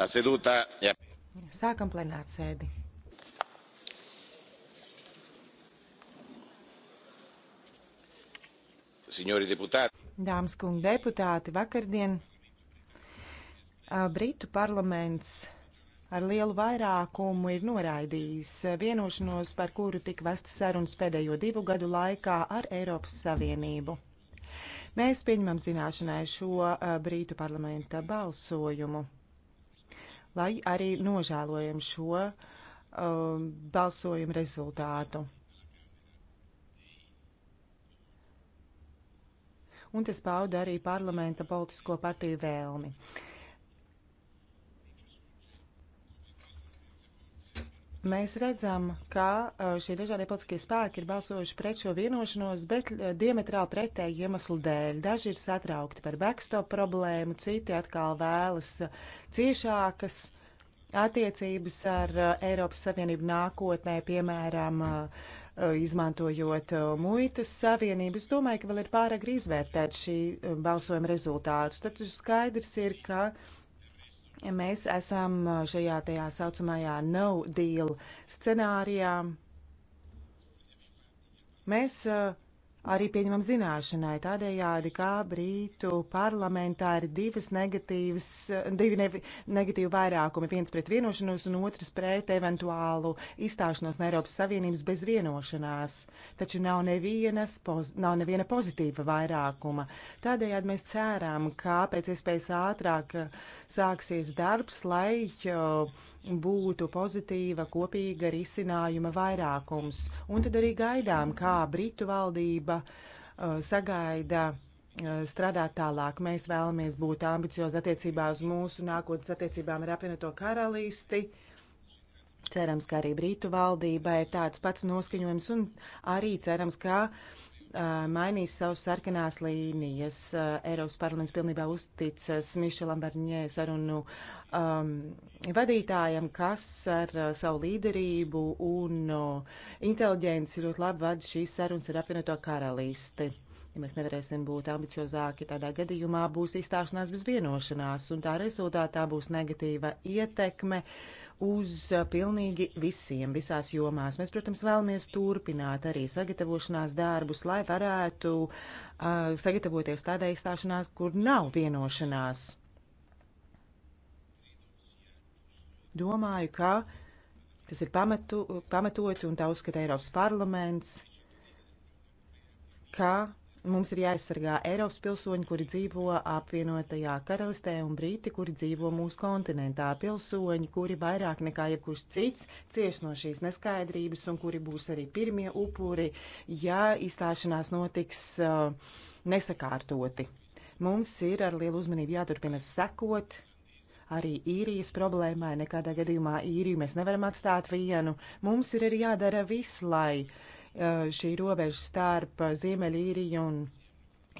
La seduta. Ja. Sākam plenāru sēdi. Signori deputāti. Dāmas kungi deputāti, vakardien Britu parlaments ar lielu vairākumu ir noraidījis vienošanos, par kuru tika vestas sarunas pēdējo divu gadu laikā ar Eiropas Savienību. Mēs pieņemam zināšanai šo Brītu parlamenta balsojumu lai arī nožēlojam šo um, balsojumu rezultātu. Un tas pauda arī parlamenta politisko partiju vēlmi. Uh, Mēs redzam, ka e, šie dažādie politiskie spēki ir balsojuši pret šo vienošanos, bet e, diametrāli pretēji iemeslu dēļ. Daži ir satraukti par backstop problēmu, citi atkal vēlas e, ciešākas attiecības ar Eiropas Savienību nākotnē, piemēram, izmantojot muitas savienību. Es domāju, ka vēl ir pārāk izvērtēt šī balsojuma rezultātus. Tad skaidrs ir, ka Mēs esam šajā tajā saucamajā no deal scenārijā. Mēs uh, arī pieņemam zināšanai tādējādi, kā Brītu parlamentā ir divas negatīvas, divi ne, negatīvi vairākumi, viens pret vienošanos un otrs pret eventuālu izstāšanos no Eiropas Savienības bez vienošanās. Taču nav, nevienas, poz, nav neviena pozitīva vairākuma. Tādējādi mēs cerām, ka pēc iespējas ātrāk sāksies darbs, lai. Uh, būtu pozitīva kopīga risinājuma vairākums. Un tad arī gaidām, kā Britu valdība uh, sagaida uh, strādāt tālāk. Mēs vēlamies būt ambiciozi attiecībā uz mūsu nākotnes attiecībām ar apvienoto karalisti. Cerams, ka arī Brītu valdībai ir tāds pats noskaņojums un arī cerams, ka uh, mainīs savus sarkanās līnijas. Eiropas parlaments pilnībā uzticas Mišelam Barņē sarunu um, vadītājam, kas ar savu līderību un inteliģenci ļoti labi vada šīs sarunas ar apvienoto karalisti. Ja mēs nevarēsim būt ambiciozāki, tādā gadījumā būs izstāšanās bez vienošanās, un tā rezultātā būs negatīva ietekme uh, uz pilnīgi visiem, visās jomās. Mēs, protams, vēlamies turpināt arī sagatavošanās darbus, lai varētu uh, sagatavoties tādai izstāšanās, kur nav vienošanās. Domāju, ka tas ir pamatu, pamatoti un tā uzskata Eiropas parlaments, ka Mums ir jāaizsargā Eiropas pilsoņi, kuri dzīvo apvienotajā karalistē, un brīti, kuri dzīvo mūsu kontinentā. Pilsoņi, kuri vairāk nekā jebkurš cits cieš no šīs neskaidrības, un kuri būs arī pirmie upuri, ja izstāšanās notiks uh, nesakārtoti. Mums ir ar lielu uzmanību jāturpina sekot arī īrijas problēmai. Nekādā gadījumā īriju mēs nevaram atstāt vienu. Mums ir arī jādara viss, lai uh, Eh, šī robeža starp Ziemeļīriju un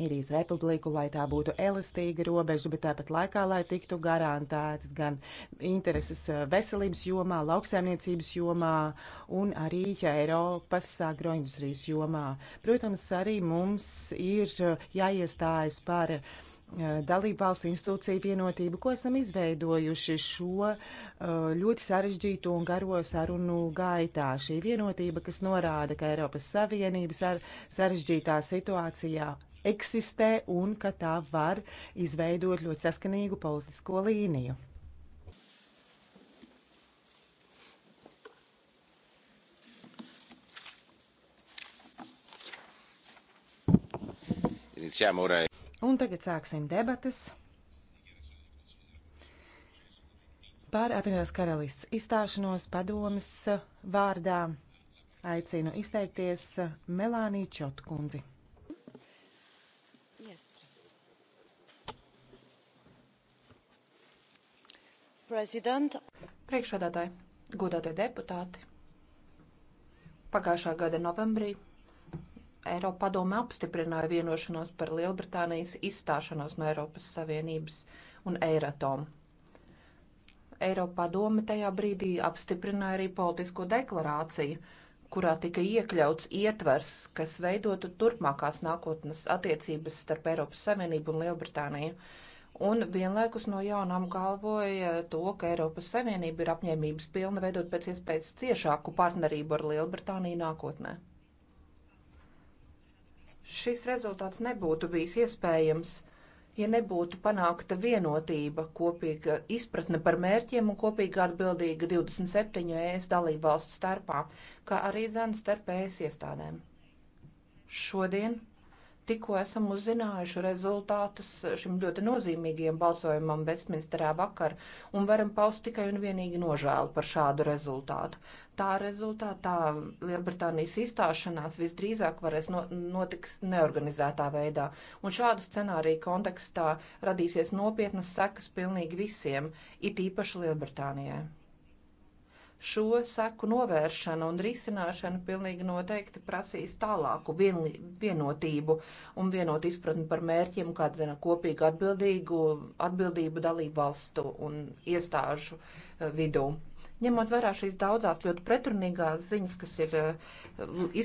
Irijas republiku, lai tā būtu elastīga robeža, bet tāpat laikā, lai tiktu garantētas gan intereses eh, veselības jomā, lauksaimniecības jomā un arī Eiropas agroindustrijas jomā. Protams, arī mums ir eh, jāiestājas par uh, dalību valstu institūciju vienotību, ko esam izveidojuši šo uh, ļoti sarežģīto un garo sarunu gaitā. Šī vienotība, kas norāda, ka Eiropas Savienības ar sarežģītā situācijā eksistē un ka tā var izveidot ļoti saskanīgu politisko līniju. Iniziamo ora. Un tagad sāksim debatas par apvienotās karalists izstāšanos padomas vārdā. Aicinu izteikties Melānī Čotkundzi. Yes, Priekšādātāji, godātie deputāti, pagājušā gada novembrī Eiropa padome apstiprināja vienošanos par Lielbritānijas izstāšanos no Eiropas Savienības un Eiratomu. Eiropā doma tajā brīdī apstiprināja arī politisko deklarāciju, kurā tika iekļauts ietvers, kas veidotu turpmākās nākotnes attiecības starp Eiropas Savienību un Lielbritāniju. Un vienlaikus no jauna apgalvoja to, ka Eiropas Savienība ir apņēmības pilna veidot pēc iespējas ciešāku partnerību ar Lielbritāniju nākotnē šis rezultāts nebūtu bijis iespējams, ja nebūtu panākta vienotība, kopīga izpratne par mērķiem un kopīga atbildīga 27 ES dalību valstu starpā, kā arī zēna starp ES iestādēm. Šodien tikko esam uzzinājuši rezultātus šim ļoti nozīmīgajam balsojumam Vestminsterā vakar un varam paust tikai un vienīgi nožēlu par šādu rezultātu. Tā rezultātā Lielbritānijas izstāšanās visdrīzāk varēs no, notiks neorganizētā veidā, un šāda scenārija kontekstā radīsies nopietnas sekas pilnīgi visiem, it īpaši Lielbritānijai šo seku novēršana un risināšana pilnīgi noteikti prasīs tālāku vienli, vienotību un vienotu izpratni par mērķiem, kā zina kopīgu atbildīgu atbildību dalību valstu un iestāžu eh, vidū. Ņemot vērā šīs daudzās ļoti pretrunīgās ziņas, kas ir eh,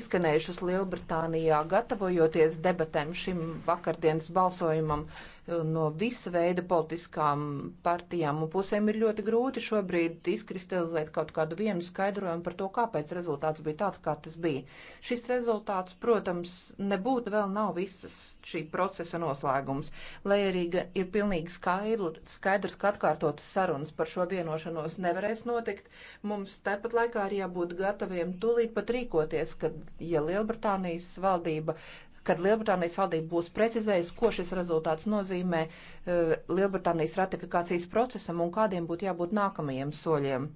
izskanējušas Lielbritānijā, gatavojoties debatēm šim vakardienas balsojumam, uh, no visa veida politiskām partijām un pusēm ir ļoti grūti šobrīd izkristalizēt kaut kādu vienu skaidrojumu par to, kāpēc rezultāts bija tāds, kā tas bija. Šis rezultāts, protams, nebūtu vēl nav visas šī procesa noslēgums, lai arī ir pilnīgi skaidru, skaidrs, ka atkārtotas sarunas par šo vienošanos nevarēs notikt. Mums tāpat laikā ir jābūt gataviem tūlīt pat rīkoties, kad, ja Lielbritānijas valdība kad Lielbritānijas valdība būs precizējusi, ko šis rezultāts nozīmē e, Lielbritānijas ratifikācijas procesam un kādiem būtu jābūt nākamajiem soļiem.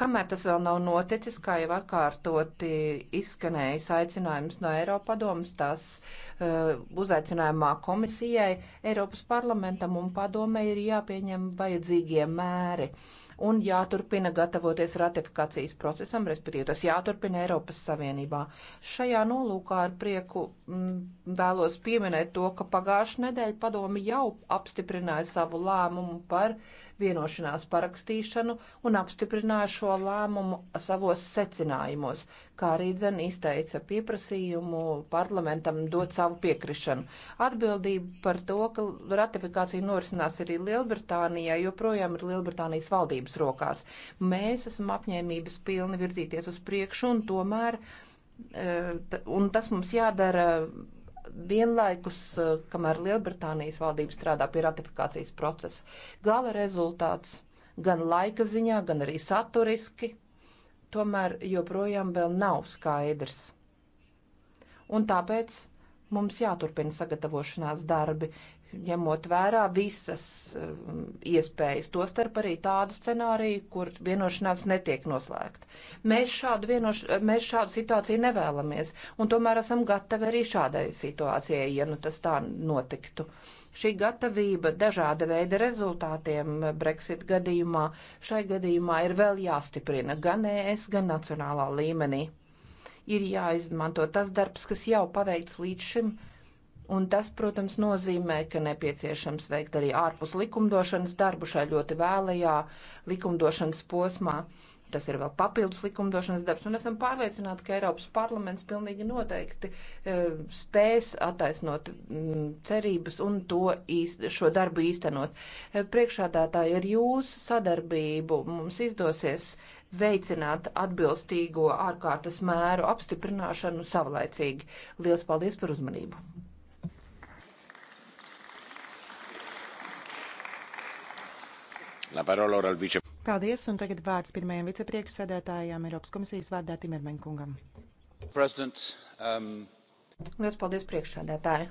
Kamēr tas vēl nav noticis, kā jau atkārtoti izskanējis aicinājums no Eiropadomas, tās uh, e, uzaicinājumā komisijai, Eiropas parlamentam un padomē ir jāpieņem vajadzīgie mēri. Uh, un jāturpina gatavoties ratifikācijas procesam, respektīvi tas jāturpina Eiropas Savienībā. Šajā nolūkā ar prieku m, mm, vēlos pieminēt to, ka pagājušajā nedēļā padomi jau apstiprināja savu lēmumu par uh, vienošanās parakstīšanu un apstiprināja šo lēmumu savos secinājumos, kā arī dzen izteica pieprasījumu parlamentam dot savu piekrišanu. Atbildība par to, ka ratifikācija norisinās arī Lielbritānijā, joprojām ir Lielbritānijas valdības rokās. Mēs esam apņēmības pilni virzīties uz priekšu un tomēr, e, un tas mums jādara vienlaikus, eh, kamēr Lielbritānijas valdība strādā pie ratifikācijas procesa. Gala rezultāts gan laika ziņā, gan arī saturiski tomēr joprojām vēl nav skaidrs. Un tāpēc mums jāturpina sagatavošanās darbi, ņemot vērā visas um, iespējas, tostarp arī tādu scenāriju, kur vienošanās netiek noslēgta. Mēs šādu, vienoš, mēs šādu situāciju nevēlamies, un tomēr esam gatavi arī šādai situācijai, ja nu tas tā notiktu. Šī gatavība dažāda veida rezultātiem Brexit gadījumā šai gadījumā ir vēl jāstiprina gan ES, gan nacionālā līmenī. Ir jāizmanto tas darbs, kas jau paveikts līdz šim Un tas, protams, nozīmē, ka nepieciešams veikt arī ārpus likumdošanas darbu šajā ļoti vēlajā likumdošanas posmā. Tas ir vēl papildus likumdošanas darbs, un esam pārliecināti, ka Eiropas parlaments pilnīgi noteikti e, spēs attaisnot m, mm, cerības un to īst, šo darbu īstenot. E, priekšādātāji, ar jūsu sadarbību mums izdosies veicināt atbilstīgo ārkārtas mēru apstiprināšanu savlaicīgi. Lielas paldies par uzmanību! Vice... Paldies, un tagad vārds pirmajam vicepriekšsēdētājam Eiropas komisijas vārdā Timermeņkungam. Um... Lielas paldies priekšsēdētāji.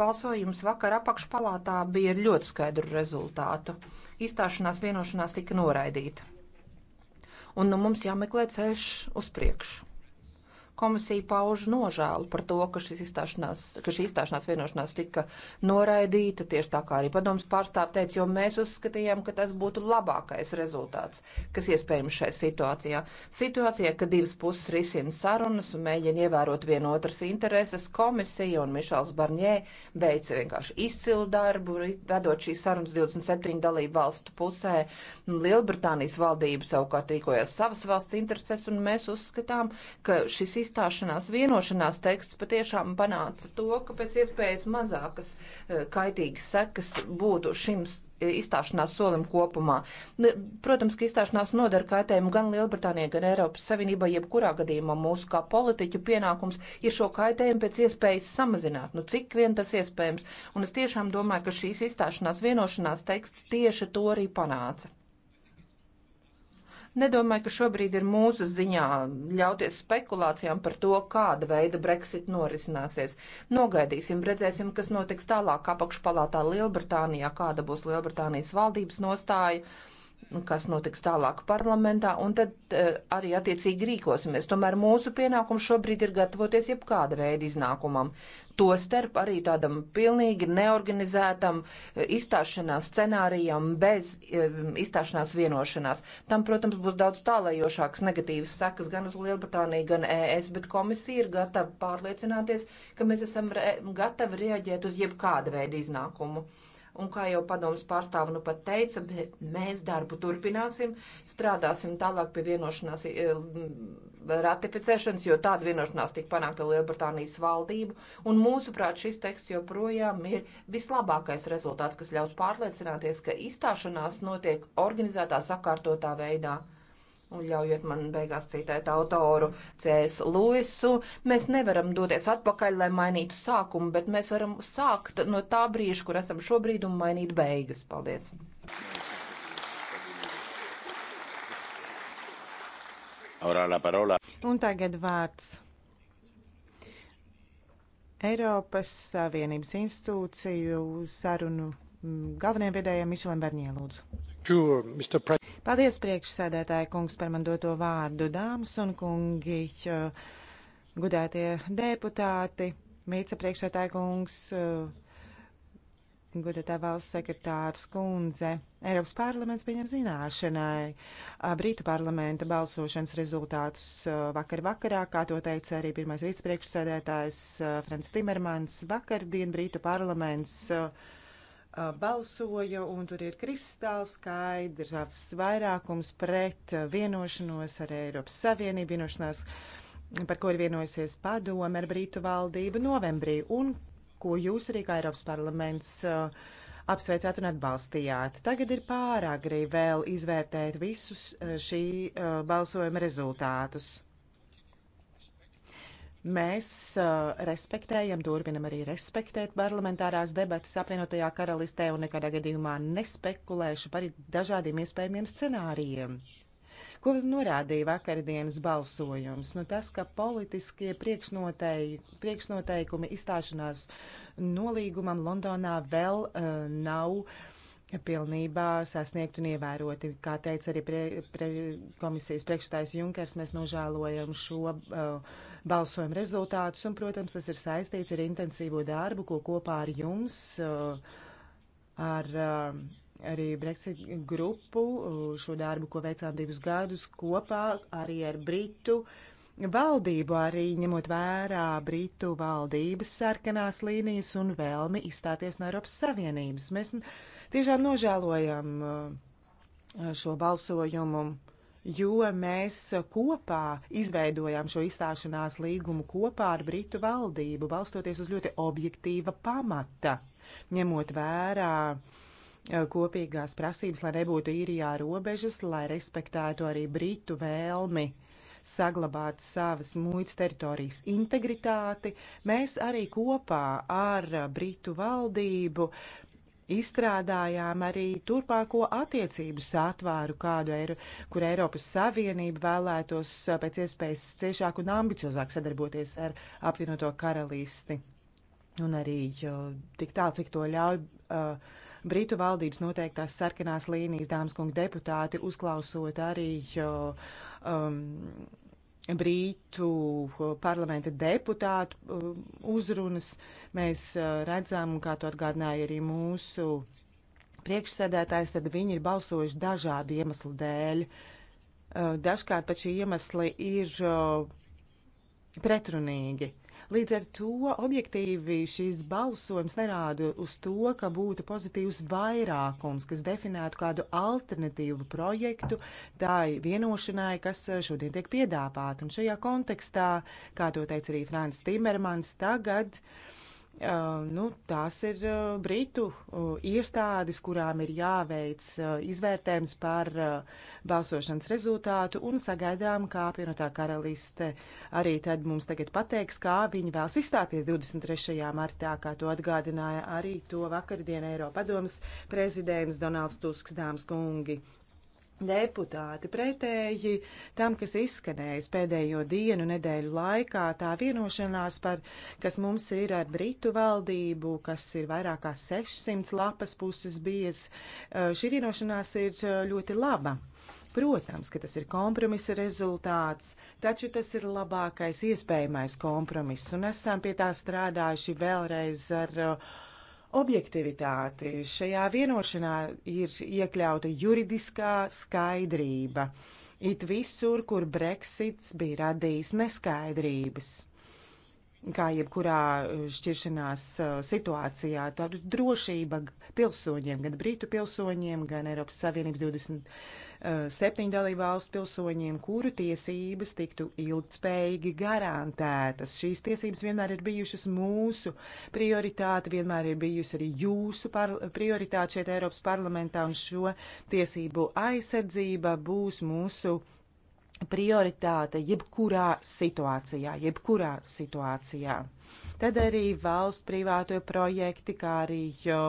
Balsojums vakar apakšpalātā bija ar ļoti skaidru rezultātu. Izstāšanās vienošanās tika noraidīta. Un nu mums jāmeklē ceļš uz priekšu. Komisija pauž nožēlu par to, ka, izstāšanās, ka šī izstāšanās vienošanās tika noraidīta, tieši tā kā arī padoms pārstāv teica, jo mēs uzskatījām, ka tas būtu labākais rezultāts, kas iespējams šai situācijā. Situācijā, ka divas puses risina sarunas un mēģina ievērot vienotras intereses, komisija un Mišels Barņē veica vienkārši izcilu darbu, vedot šīs sarunas 27 dalību valstu pusē. Lielbritānijas valdība savukārt rīkojās savas valsts intereses, un mēs uzskatām, ka šis izstāšanās uzstāšanās vienošanās teksts patiešām panāca to, ka pēc iespējas mazākas eh, kaitīgas sekas būtu šim eh, izstāšanās solim kopumā. Protams, ka izstāšanās nodara kaitējumu gan Lielbritānijai, gan Eiropas Savienībai, jebkurā gadījumā mūsu kā politiķu pienākums ir šo kaitējumu pēc iespējas samazināt, nu cik vien tas iespējams. Un es tiešām domāju, ka šīs izstāšanās vienošanās teksts tieši to arī panāca. Nedomāju, ka šobrīd ir mūsu ziņā ļauties spekulācijām par to, kāda veida Brexit norisināsies. Nogaidīsim, redzēsim, kas notiks tālāk apakšpalātā Lielbritānijā, kāda būs Lielbritānijas valdības nostāja kas notiks tālāk parlamentā, un tad eh, arī attiecīgi rīkosimies. Tomēr mūsu pienākums šobrīd ir gatavoties jebkāda veida iznākumam. Tostarp arī tādam pilnīgi neorganizētam eh, izstāšanās scenārijam bez eh, izstāšanās vienošanās. Tam, protams, būs daudz tālējošākas negatīvas sekas gan uz Lielbritāniju, gan ES, bet komisija ir gatava pārliecināties, ka mēs esam re gatavi reaģēt uz jebkāda veida iznākumu. Un kā jau padomas pārstāvu nu pat teica, mēs darbu turpināsim, strādāsim tālāk pie vienošanās e, ratificēšanas, jo tāda vienošanās tika panākta Lielbritānijas valdību. Un mūsuprāt, šis teksts joprojām ir vislabākais rezultāts, kas ļaus pārliecināties, ka izstāšanās notiek organizētā, sakārtotā veidā. Un ļaujiet man beigās citēt autoru C.S. Luisu. Mēs nevaram doties atpakaļ, lai mainītu sākumu, bet mēs varam sākt no tā brīža, kur esam šobrīd, un mainīt beigas. Paldies! Un tagad vārds Eiropas Savienības institūciju sarunu mm, galvenajam vedējam Mišelam Barņē, lūdzu. Sure, Paldies priekšsēdētāja kungs par man doto vārdu, dāmas un kungi, gudētie deputāti, vicepriekšsēdētāja kungs, gudētā valsts sekretārs kundze. Eiropas parlaments pieņem zināšanai Brītu parlamenta balsošanas rezultātus vakar vakarā, kā to teica arī pirmais vicepriekšsēdētājs Frans Timermans. Vakardien Brītu parlaments uh, balsoja, un tur ir kristāli skaidrs vairākums pret vienošanos ar Eiropas Savienību, vienošanās, par ko ir vienojusies padome ar Brītu valdību novembrī, un ko jūs arī kā Eiropas parlaments apsveicāt un atbalstījāt. Tagad ir pārāk grī vēl izvērtēt visus šī balsojuma rezultātus. Mēs uh, respektējam, turpinam arī respektēt parlamentārās debatas apvienotajā karalistē un nekādā gadījumā nespekulēšu par dažādiem iespējamiem scenārijiem. Ko norādīja vakardienas balsojums? Nu, tas, ka politiskie priekšnoteikumi izstāšanās nolīgumam Londonā vēl uh, nav uh, pilnībā sasniegt un ievēroti. Kā teica arī pre, pre, komisijas priekšstājs Junkers, mēs nožēlojam šo uh, balsojumu rezultātus, un, protams, tas ir saistīts ar intensīvo darbu, ko kopā ar jums, uh, ar uh, arī Brexit grupu, uh, šo darbu, ko veicām divus gadus kopā arī ar Britu valdību, arī ņemot vērā Britu valdības sarkanās līnijas un vēlmi izstāties no Eiropas Savienības. Mēs, Tiešām nožēlojam uh, šo balsojumu, jo mēs kopā izveidojām šo izstāšanās līgumu kopā ar Britu valdību, balstoties uz ļoti objektīva pamata, ņemot vērā uh, kopīgās prasības, lai nebūtu īrijā robežas, lai respektētu arī Britu vēlmi saglabāt savas muitas teritorijas integritāti. Mēs arī kopā ar Britu valdību Izstrādājām arī turpāko attiecību satvēru, kādu, Eiro, kur Eiropas Savienība vēlētos uh, pēc iespējas ciešāk un ambiciozāk sadarboties ar apvienoto karalisti. Un arī uh, tik tālu, cik to ļauj. Uh, Britu valdības noteiktās sarkanās līnijas, dāmas kungi deputāti, uzklausot arī uh, um, Brītu eh, parlamenta deputātu eh, uzrunas. Mēs eh, redzam, kā to atgādināja arī mūsu priekšsēdētājs, tad viņi ir balsojuši dažādu iemeslu dēļ. Dažkārt pat šie iemesli ir pretrunīgi. Līdz ar to objektīvi šis balsojums nerāda uz to, ka būtu pozitīvs vairākums, kas definētu kādu alternatīvu projektu tai vienošanai, kas šodien tiek piedāvāta. Un šajā kontekstā, kā to teica arī Frāns Timermans, tagad uh, nu, tās ir Britu iestādes, kurām ir jāveic izvērtējums par balsošanas rezultātu, un sagaidām, kā apvienotā karaliste arī tad mums tagad pateiks, kā viņi vēlas izstāties 23. martā, kā to atgādināja arī to vakardien Eiropadomas prezidents Donalds Tusks, dāmas kungi deputāti pretēji tam, kas izskanējis pēdējo dienu nedēļu laikā, tā vienošanās par, kas mums ir ar Britu valdību, kas ir vairāk kā 600 lapas puses bijis, eh, šī vienošanās ir eh, ļoti laba. Protams, ka tas ir kompromisa rezultāts, taču tas ir labākais iespējamais kompromiss, un esam pie tā strādājuši vēlreiz ar uh, objektivitāti. Šajā vienošanā ir iekļauta juridiskā skaidrība. It visur, kur Brexits bija radījis neskaidrības. Kā jebkurā šķiršanās uh, situācijā, tad drošība pilsoņiem, gan Britu pilsoņiem, gan Eiropas Savienības 20. Eh, septiņu dalību valstu pilsoņiem, kuru tiesības tiktu ilgspējīgi garantētas. Šīs tiesības vienmēr ir bijušas mūsu prioritāte, vienmēr ir bijusi arī jūsu prioritāte šeit Eiropas parlamentā, un šo tiesību aizsardzība būs mūsu prioritāte jebkurā situācijā, jebkurā situācijā. Tad arī valsts privāto projekti, kā arī jo,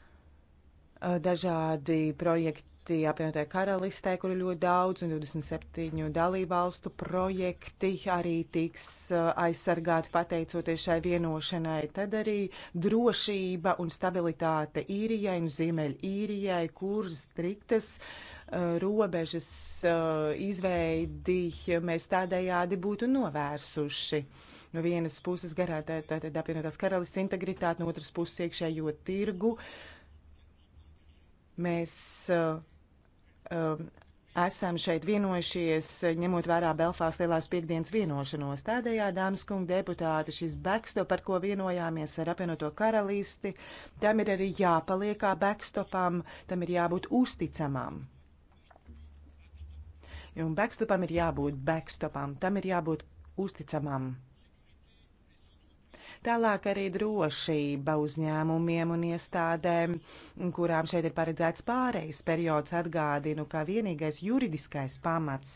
eh, dažādi projekti projekti apvienotē karalistē, kur ir ļoti daudz, un 27 dalībvalstu projekti arī tiks uh, aizsargāti pateicoties šai vienošanai. Tad arī drošība un stabilitāte īrijai un ziemeļīrijai, kur striktas uh, robežas uh, izveidi mēs tādējādi būtu novērsuši no vienas puses garantē tātad apvienotās karalists integritāti, no otras puses iekšējo tirgu. Mēs uh, um, esam šeit vienojušies, ņemot vērā Belfās lielās piekdienas vienošanos. Tādējā, dāmas kungi deputāti, šis backstop, par ko vienojāmies ar apvienoto karalisti, tam ir arī jāpaliek kā backstopam, tam ir jābūt uzticamam. Un backstopam ir jābūt backstopam, tam ir jābūt uzticamam. Tālāk arī drošība uzņēmumiem un iestādēm, kurām šeit ir paredzēts pārejas periods, atgādinu, ka vienīgais juridiskais pamats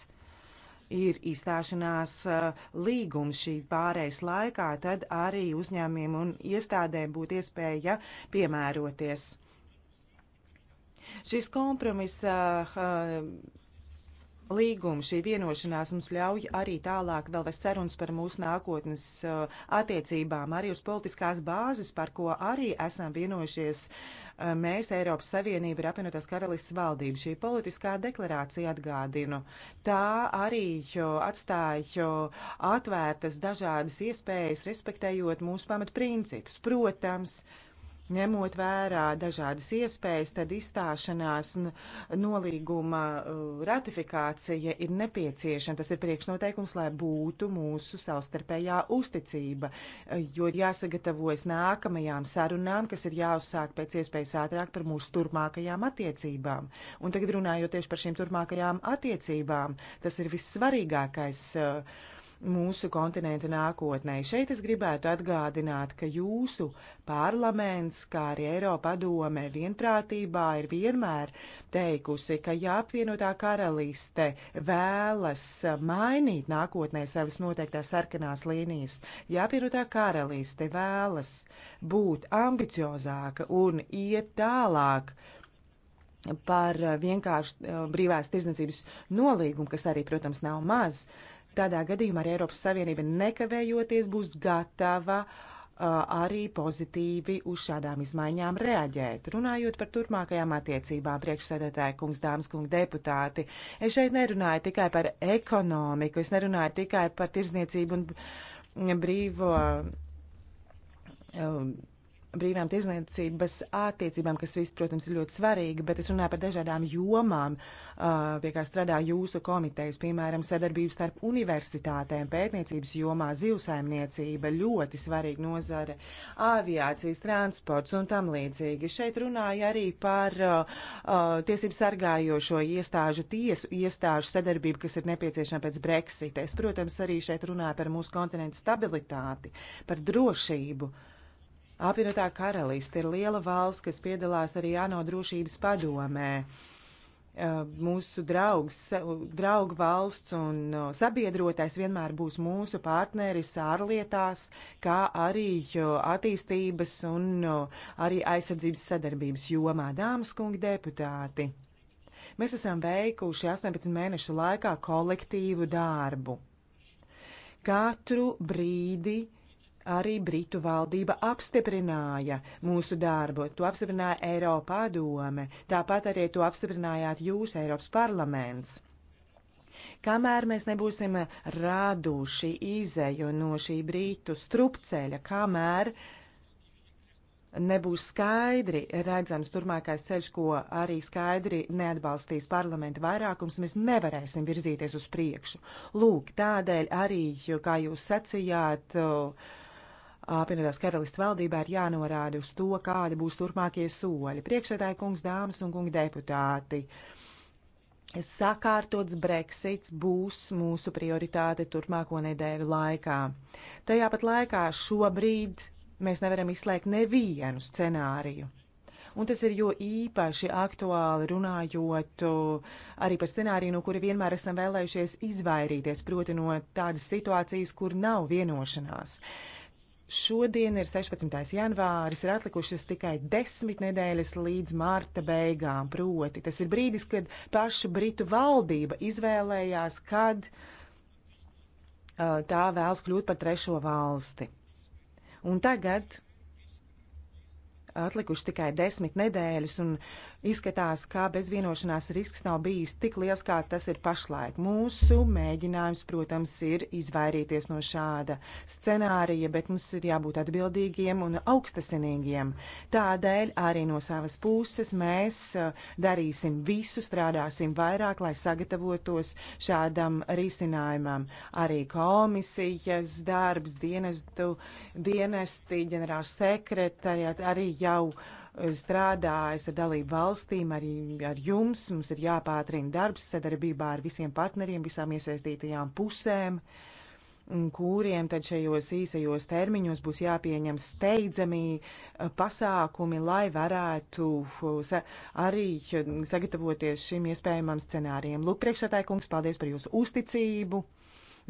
ir izstāšanās uh, līgums šīs pārējais laikā, tad arī uzņēmiem un iestādēm būtu iespēja piemēroties. Šis kompromiss uh, uh, līguma, šī vienošanās mums ļauj arī tālāk vēl vest sarunas par mūsu nākotnes uh, attiecībām, arī uz politiskās bāzes, par ko arī esam vienojušies uh, mēs, Eiropas Savienība, ir apvienotās karalists valdība. Šī politiskā deklarācija atgādinu. Tā arī atstāja atvērtas dažādas iespējas, respektējot mūsu pamatprincipus. Protams, uh, Ņemot vērā dažādas iespējas, tad izstāšanās nolīguma uh, ratifikācija ir nepieciešama. Tas ir priekšnoteikums, lai būtu mūsu savstarpējā uzticība, uh, jo ir jāsagatavojas nākamajām sarunām, kas ir jāuzsāk pēc iespējas ātrāk par mūsu turpmākajām attiecībām. Un tagad runājot tieši par šīm turpmākajām attiecībām, tas ir vissvarīgākais. Uh, mūsu kontinenta nākotnē. Šeit es gribētu atgādināt, ka jūsu parlaments, kā arī Eiropadome vienprātībā ir vienmēr teikusi, ka ja apvienotā karaliste vēlas mainīt nākotnē savas noteiktās sarkanās līnijas, ja apvienotā karaliste vēlas būt ambiciozāka un iet tālāk, par vienkārši brīvās tirdzniecības nolīgumu, kas arī, protams, nav maz. Uh, Tādā gadījumā arī Eiropas Savienība nekavējoties būs gatava uh, arī pozitīvi uz šādām izmaiņām reaģēt. Runājot par turpmākajām attiecībām, priekšsēdētāji, kungs, dāmas, kungi, deputāti, es šeit nerunāju tikai par ekonomiku, es nerunāju tikai par tirzniecību un brīvo. Um, brīvām tirzniecības attiecībām, kas viss, protams, ir ļoti svarīgi, bet es runāju par dažādām jomām, pie kā strādā jūsu komitejas, piemēram, sadarbības starp universitātēm, pētniecības jomā, zivsaimniecība, ļoti svarīga nozare, aviācijas, transports un tam līdzīgi. Šeit runāja arī par uh, tiesību sargājošo iestāžu, tiesu iestāžu sadarbību, kas ir nepieciešama pēc Brexit. Es, protams, arī šeit runāju par mūsu kontinentu stabilitāti, par drošību. Uh, Apvienotā karaliste ir liela valsts, kas piedalās arī ANO drošības padomē. Uh, mūsu draugs, draugu valsts un uh, sabiedrotais vienmēr būs mūsu partneris ārlietās, kā arī uh, attīstības un arī aizsardzības sadarbības jomā, dāmas kungi deputāti. Mēs esam veikuši 18 mēnešu laikā kolektīvu darbu katru brīdi Arī Britu valdība apstiprināja mūsu darbu, to apstiprināja Eiropā dome, tāpat arī to apstiprinājāt jūs, Eiropas parlaments. Kamēr mēs nebūsim raduši izēju no šī brītu strupceļa, kamēr nebūs skaidri redzams turmākais ceļš, ko arī skaidri neatbalstīs parlamenta vairākums, mēs nevarēsim virzīties uz priekšu. Lūk, tādēļ arī, kā jūs sacījāt, uh, Apvienotās karalists valdībā ir jānorāda uz to, kādi būs turpmākie soļi. Priekšsēdāja kungs, dāmas un kungi deputāti. Sakārtots Brexits būs mūsu prioritāte turpmāko nedēļu laikā. Tajā pat laikā šobrīd mēs nevaram izslēgt nevienu scenāriju. Un tas ir jo īpaši aktuāli runājot uh, arī par scenāriju, no kura vienmēr esam vēlējušies izvairīties, proti no tādas situācijas, kur nav vienošanās. Šodien ir 16. janvāris, ir atlikušas tikai desmit nedēļas līdz mārta beigām. Proti, tas ir brīdis, kad paša Britu valdība izvēlējās, kad uh, tā vēlas kļūt par trešo valsti. Un tagad atlikuši tikai desmit nedēļas, un Izskatās, ka bez vienošanās risks nav bijis tik liels, kā tas ir pašlaik. Mūsu mēģinājums, protams, ir izvairīties no šāda scenārija, bet mums ir jābūt atbildīgiem un augstasinīgiem. Tādēļ arī no savas puses mēs uh, darīsim visu, strādāsim vairāk, lai sagatavotos šādam risinājumam. Arī komisijas darbs, dienestu, dienesti, ģenerāls sekretariāt arī jau strādājis ar dalību valstīm, arī ar jums. Mums ir jāpātrina darbs sadarbībā ar visiem partneriem, visām iesaistītajām pusēm kuriem tad šajos īsajos termiņos būs jāpieņem steidzami eh, pasākumi, lai varētu eh, arī eh, sagatavoties šim iespējamam scenārijam. Lūk, priekšsētāji kungs, paldies par jūsu uzticību.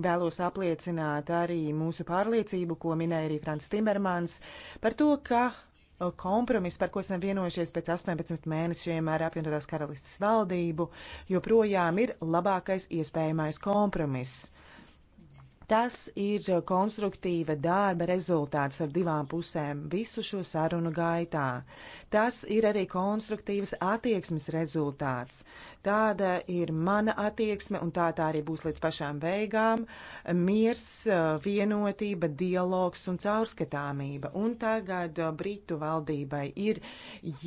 Vēlos apliecināt arī mūsu pārliecību, ko minēja arī Frans Timermans, par to, ka Uh, kompromiss, par ko esam vienojušies pēc 18 mēnešiem ar apvienotās karalistas valdību, joprojām ir labākais iespējamais kompromiss. Tas ir konstruktīva darba rezultāts ar divām pusēm visu šo sarunu gaitā. Tas ir arī konstruktīvas attieksmes rezultāts. Tāda ir mana attieksme, un tā tā arī būs līdz pašām beigām - miers, vienotība, dialogs un caurskatāmība. Un tagad Britu valdībai ir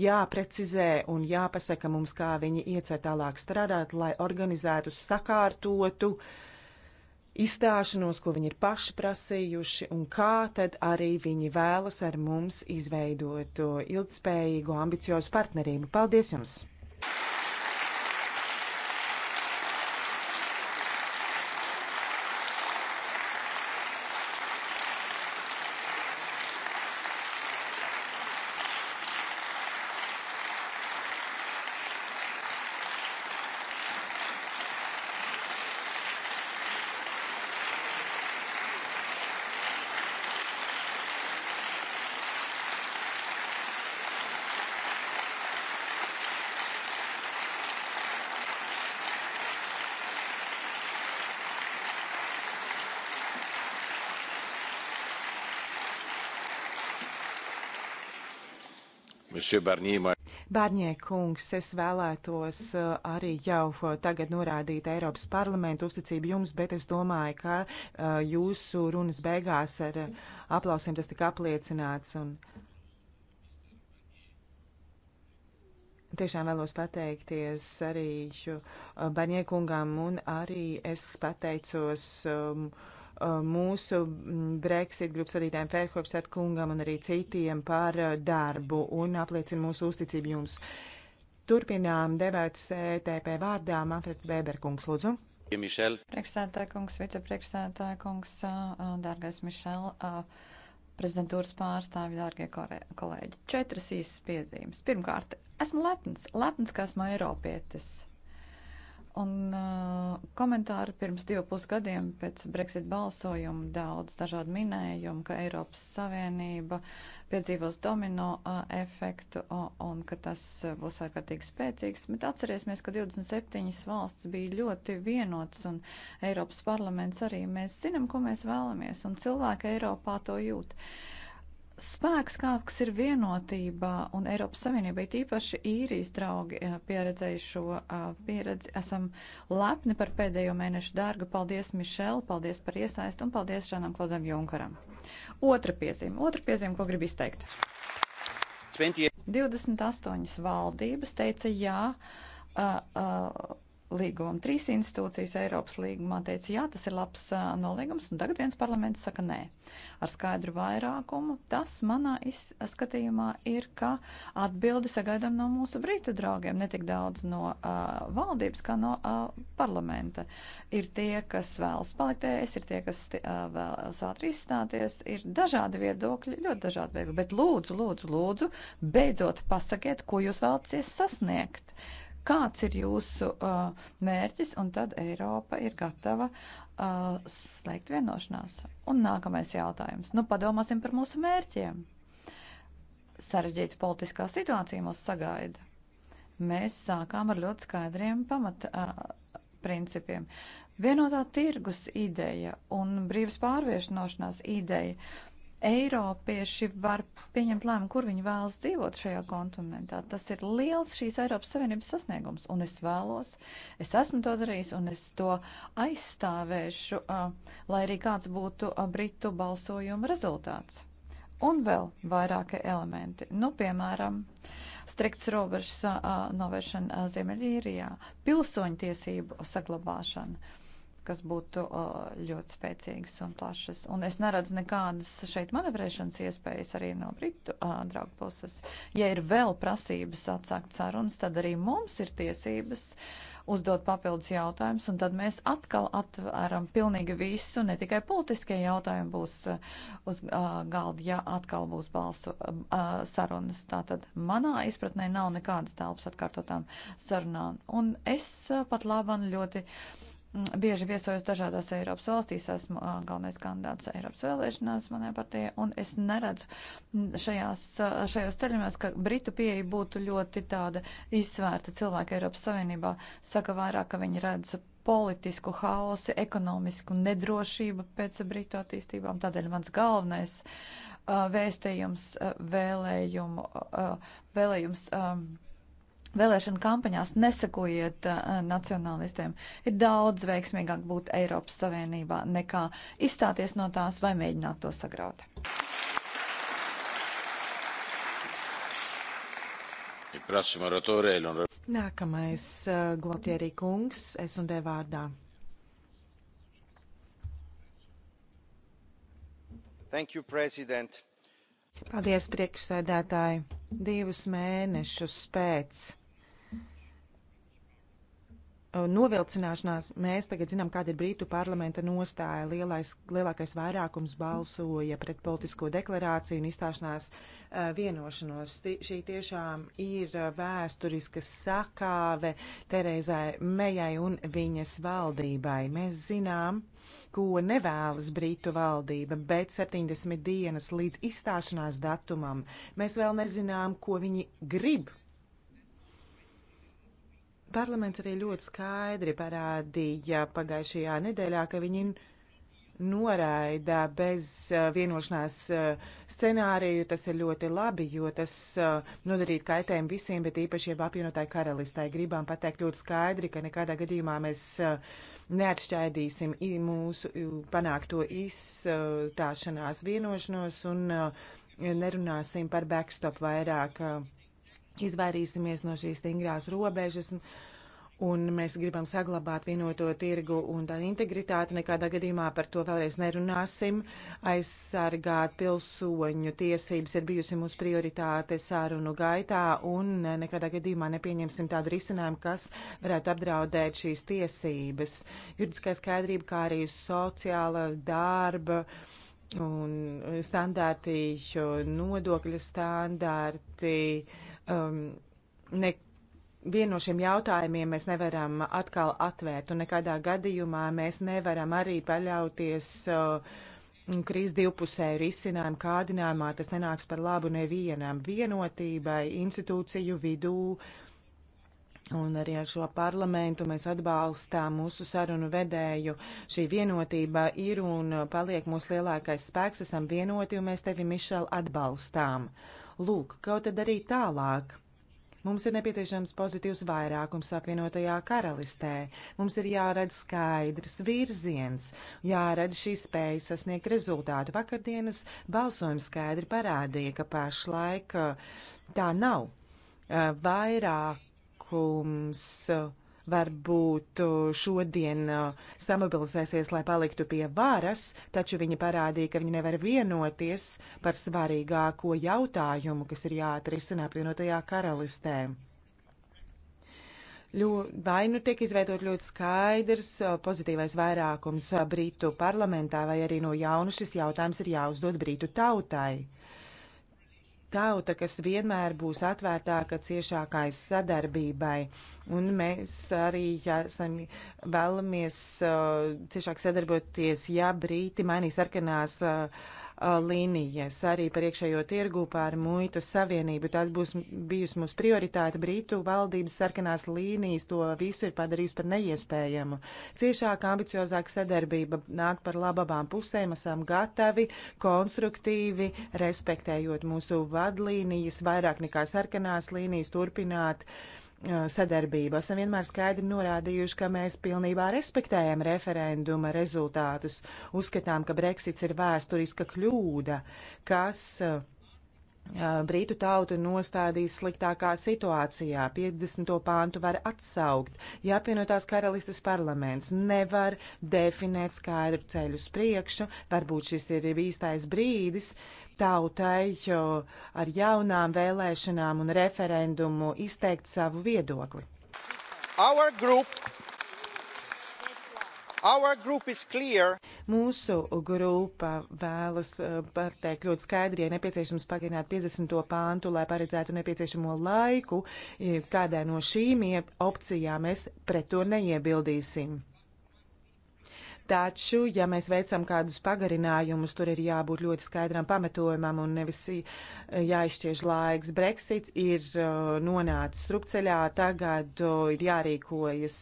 jāprecizē un jāpasaka mums, kā viņi iecer tālāk strādāt, lai organizētu sakārtotu uh, izstāšanos, ko viņi ir paši prasījuši, un kā tad arī viņi vēlas ar mums izveidot ilgspējīgu, ambiciozu partnerību. Paldies jums! Barņē kungs, es vēlētos uh, arī jau uh, tagad norādīt Eiropas parlamentu uzticību jums, bet es domāju, ka uh, jūsu runas beigās ar aplausiem tas tika apliecināts. Un... Tiešām vēlos pateikties arī Barņē kungam un arī es pateicos. Um, Uh, mūsu mm, Brexit grupas vadītājiem Ferhofstad kungam un arī citiem par uh, darbu un apliecina mūsu uzticību jums. Turpinām debats ETP vārdā Manfreds Bēberkungs, lūdzu. Ja Priekšsēdētāja kungs, vicepriekšsēdētāja kungs, uh, dārgais Mišel, prezidentūras pārstāvi, dārgie kolēģi. Četras īsas piezīmes. Pirmkārt, esmu lepns, lepns, ka esmu Eiropietis Un uh, komentāri pirms divu pusgadiem pēc Brexit balsojuma daudz dažādu minējumu, ka Eiropas Savienība piedzīvos domino uh, efektu uh, un ka tas uh, būs ārkārtīgi spēcīgs. Bet atcerēsimies, ka 27 valsts bija ļoti vienots un Eiropas parlaments arī mēs zinām, ko mēs vēlamies un cilvēki Eiropā to jūt. Uh, spēks, kāds ir vienotībā, un Eiropas Savienībai tīpaši īrijas draugi eh, pieredzējuši šo eh, pieredzi, esam lepni par pēdējo mēnešu darbu. Paldies, Mišel, paldies par iesaistu un paldies Žanam Klodam Junkaram. Otra piezīme, otra piezīme, ko gribu izteikt. 20. 28 valdības teica jā. Uh, uh, līgumam. Trīs institūcijas Eiropas līgumā teica, jā, tas ir labs uh, nolīgums, un tagad viens parlaments saka nē. Ar skaidru vairākumu tas manā izskatījumā ir, ka atbildi sagaidām no mūsu brītu draugiem, ne tik daudz no uh, valdības, kā no uh, parlamenta. Ir tie, kas vēlas paliktēs, ir tie, kas uh, vēlas ātri izstāties, ir dažādi viedokļi, ļoti dažādi viedokļi, bet lūdzu, lūdzu, lūdzu, beidzot pasakiet, ko jūs vēlaties sasniegt. Uh, kāds ir jūsu uh, mērķis, un tad Eiropa ir gatava uh, slēgt vienošanās. Un nākamais jautājums. Nu, padomāsim par mūsu mērķiem. Sarežģīta politiskā situācija mūs sagaida. Mēs sākām ar ļoti skaidriem pamat uh, principiem. Vienotā tirgus ideja un brīvas pārviešanošanās ideja Eiropieši var pieņemt lēmumu, kur viņi vēlas dzīvot šajā kontinentā. Tas ir liels šīs Eiropas Savienības sasniegums, un es vēlos, es esmu to darījis, un es to aizstāvēšu, uh, lai arī kāds būtu uh, Britu balsojuma rezultāts. Un vēl vairāki elementi. Nu, piemēram, strikts robežas uh, novēršana Ziemeļīrijā, pilsoņu tiesību saglabāšana kas būtu ļoti spēcīgas un plašas. Un es neredzu nekādas šeit manevrēšanas iespējas arī no Britu draugu puses. Ja ir vēl prasības atsākt sarunas, tad arī mums ir tiesības uzdot papildus jautājumus, un tad mēs atkal atvēram pilnīgi visu, ne tikai politiskie jautājumi būs uz uh, galda, ja atkal būs balsu uh, sarunas. Tātad manā izpratnē nav nekādas telpas atkārtotām sarunām, un es uh, pat labam ļoti uh, Mm, bieži viesojos dažādās Eiropas valstīs, esmu galvenais kandidāts Eiropas vēlēšanās manai partijai, un es neredzu mm, šajās, šajos ceļumos, ka Britu pieeja būtu ļoti tāda izsvērta cilvēka Eiropas Savienībā. Saka vairāk, ka viņi redz politisku haosi, ekonomisku nedrošību pēc Britu attīstībām. Tādēļ mans galvenais vēstījums, vēlējumu, vēlējums. vēlējums Vēlēšana kampaņās nesakojiet uh, eh, nacionālistiem. Ir daudz veiksmīgāk būt Eiropas Savienībā nekā izstāties no tās vai mēģināt to sagraut. Nākamais uh, eh, Gualtierī kungs, es un tev vārdā. Thank you, President. Paldies, priekšsēdētāji. Divus mēnešus pēc Uh, novilcināšanās mēs tagad zinām, kāda ir Brītu parlamenta nostāja. Lielais, lielākais vairākums balsoja pret politisko deklarāciju un izstāšanās uh, vienošanos. Šī tiešām ir uh, vēsturiska sakāve Terezai Mejai un viņas valdībai. Mēs zinām, ko nevēlas Brītu valdība, bet 70 dienas līdz izstāšanās datumam mēs vēl nezinām, ko viņi grib Parlaments arī ļoti skaidri parādīja pagājušajā nedēļā, ka viņi noraida bez eh, vienošanās eh, scenāriju. Tas ir ļoti labi, jo tas eh, nodarītu kaitējumu visiem, bet īpaši jau apvienotāju karalistai. Gribām pateikt ļoti skaidri, ka nekādā gadījumā mēs neatšķaidīsim mūsu panākto izstāšanās vienošanos un nerunāsim par backstop vairāk izvairīsimies no šīs stingrās robežas. Un mēs gribam saglabāt vienoto tirgu un tā integritāti. Nekādā gadījumā par to vēlreiz nerunāsim. Aizsargāt pilsoņu tiesības ir bijusi mūsu prioritāte sārunu gaitā, un nekādā gadījumā nepieņemsim tādu risinājumu, kas varētu apdraudēt šīs tiesības. Juridiskā skaidrība, kā arī sociāla darba. Uh, un eh, standārti, nodokļa standārti. Um, ne, vienu no šiem jautājumiem mēs nevaram atkal atvērt, un nekādā gadījumā mēs nevaram arī paļauties uh, krīzes divpusēju risinājumu kārdinājumā. Tas nenāks par labu nevienam vienotībai, institūciju vidū. Uh, Un arī ar šo parlamentu mēs atbalstām mūsu sarunu vedēju. Šī vienotība ir un paliek mūsu lielākais spēks. Esam vienoti un mēs tevi, Mišel, atbalstām. Lūk, kaut tad arī tālāk. Mums ir nepieciešams pozitīvs vairākums apvienotajā karalistē. Mums ir jāredz skaidrs virziens, jāredz šī spēja sasniegt rezultātu. Vakardienas balsojums skaidri parādīja, ka pašlaik uh, tā nav uh, vairāk vairākums eh, varbūt eh, šodien eh, samobilizēsies, lai paliktu pie varas, taču viņi parādīja, ka viņi nevar vienoties par svarīgāko jautājumu, kas ir jāatrisina apvienotajā karalistē. Vai nu tiek izveidot ļoti skaidrs pozitīvais vairākums Britu parlamentā, vai arī no jauna šis jautājums ir jāuzdod Britu tautai tauta, kas vienmēr būs atvērtāka ciešākai sadarbībai. Un mēs arī esam, vēlamies uh, ciešāk sadarboties, ja brīti mainīs sarkanās. Uh, Uh, līnijas, arī par iekšējo tirgu, pār muitas savienību. Tās būs bijusi mūsu prioritāte. Brītu valdības sarkanās līnijas to visu ir padarījusi par neiespējamu. Ciešāka, ambiciozāka sadarbība nāk par labām pusēm. Esam gatavi, konstruktīvi, respektējot mūsu vadlīnijas, vairāk nekā sarkanās līnijas, turpināt uh, Uh, sadarbību. Esam vienmēr skaidri norādījuši, ka mēs pilnībā respektējam referenduma rezultātus. Uzskatām, ka Brexits ir vēsturiska kļūda, kas uh, uh, Brītu tautu nostādīs sliktākā situācijā. 50. pāntu var atsaukt, ja apvienotās karalistes parlaments nevar definēt skaidru ceļu uz priekšu. Varbūt šis ir īstais brīdis uh, tautai ar jaunām vēlēšanām un referendumu izteikt savu viedokli. Our group, our group Mūsu grupa vēlas uh, pateikt ļoti skaidri, ja nepieciešams pagarināt 50. pāntu, lai paredzētu nepieciešamo laiku, eh, kādai no šīm opcijām mēs pret to neiebildīsim. Taču, ja mēs veicam kādus pagarinājumus, tur ir jābūt ļoti skaidram pamatojumam un nevis eh, jāizšķiež laiks. Brexits ir eh, nonācis strupceļā, tagad eh, ir jārīkojas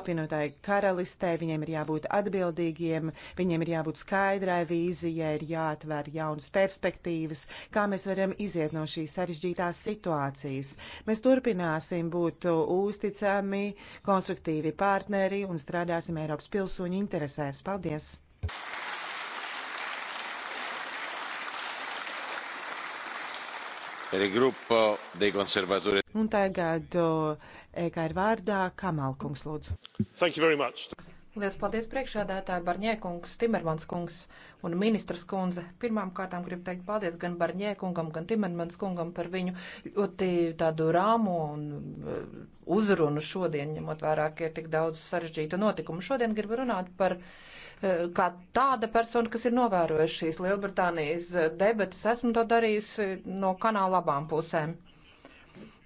apvienotāji karalistē, viņiem ir jābūt atbildīgiem, viņiem ir jābūt skaidrai vīzijai, ir jāatver jaunas perspektīvas, kā mēs varam iziet no šīs sarežģītās situācijas. Mēs turpināsim būt uzticami, konstruktīvi partneri un strādāsim Eiropas pilsoņu interesēs interesēs. Paldies! Un tagad, eh, kā ir vārdā, Kamalkungs lūdzu. Lielas paldies priekšādātāji Barņēkungs, Timermans kungs un ministras kundze. Pirmām kārtām gribu teikt paldies gan Barņēkungam, gan Timermans kungam par viņu ļoti tādu rāmu un uh, uzrunu šodien, ņemot vairāk ir tik daudz sarežģīta notikumu. Šodien gribu runāt par uh, kā tāda persona, kas ir novērojusi šīs Lielbritānijas uh, debetas, esmu to darījusi no kanāla abām pusēm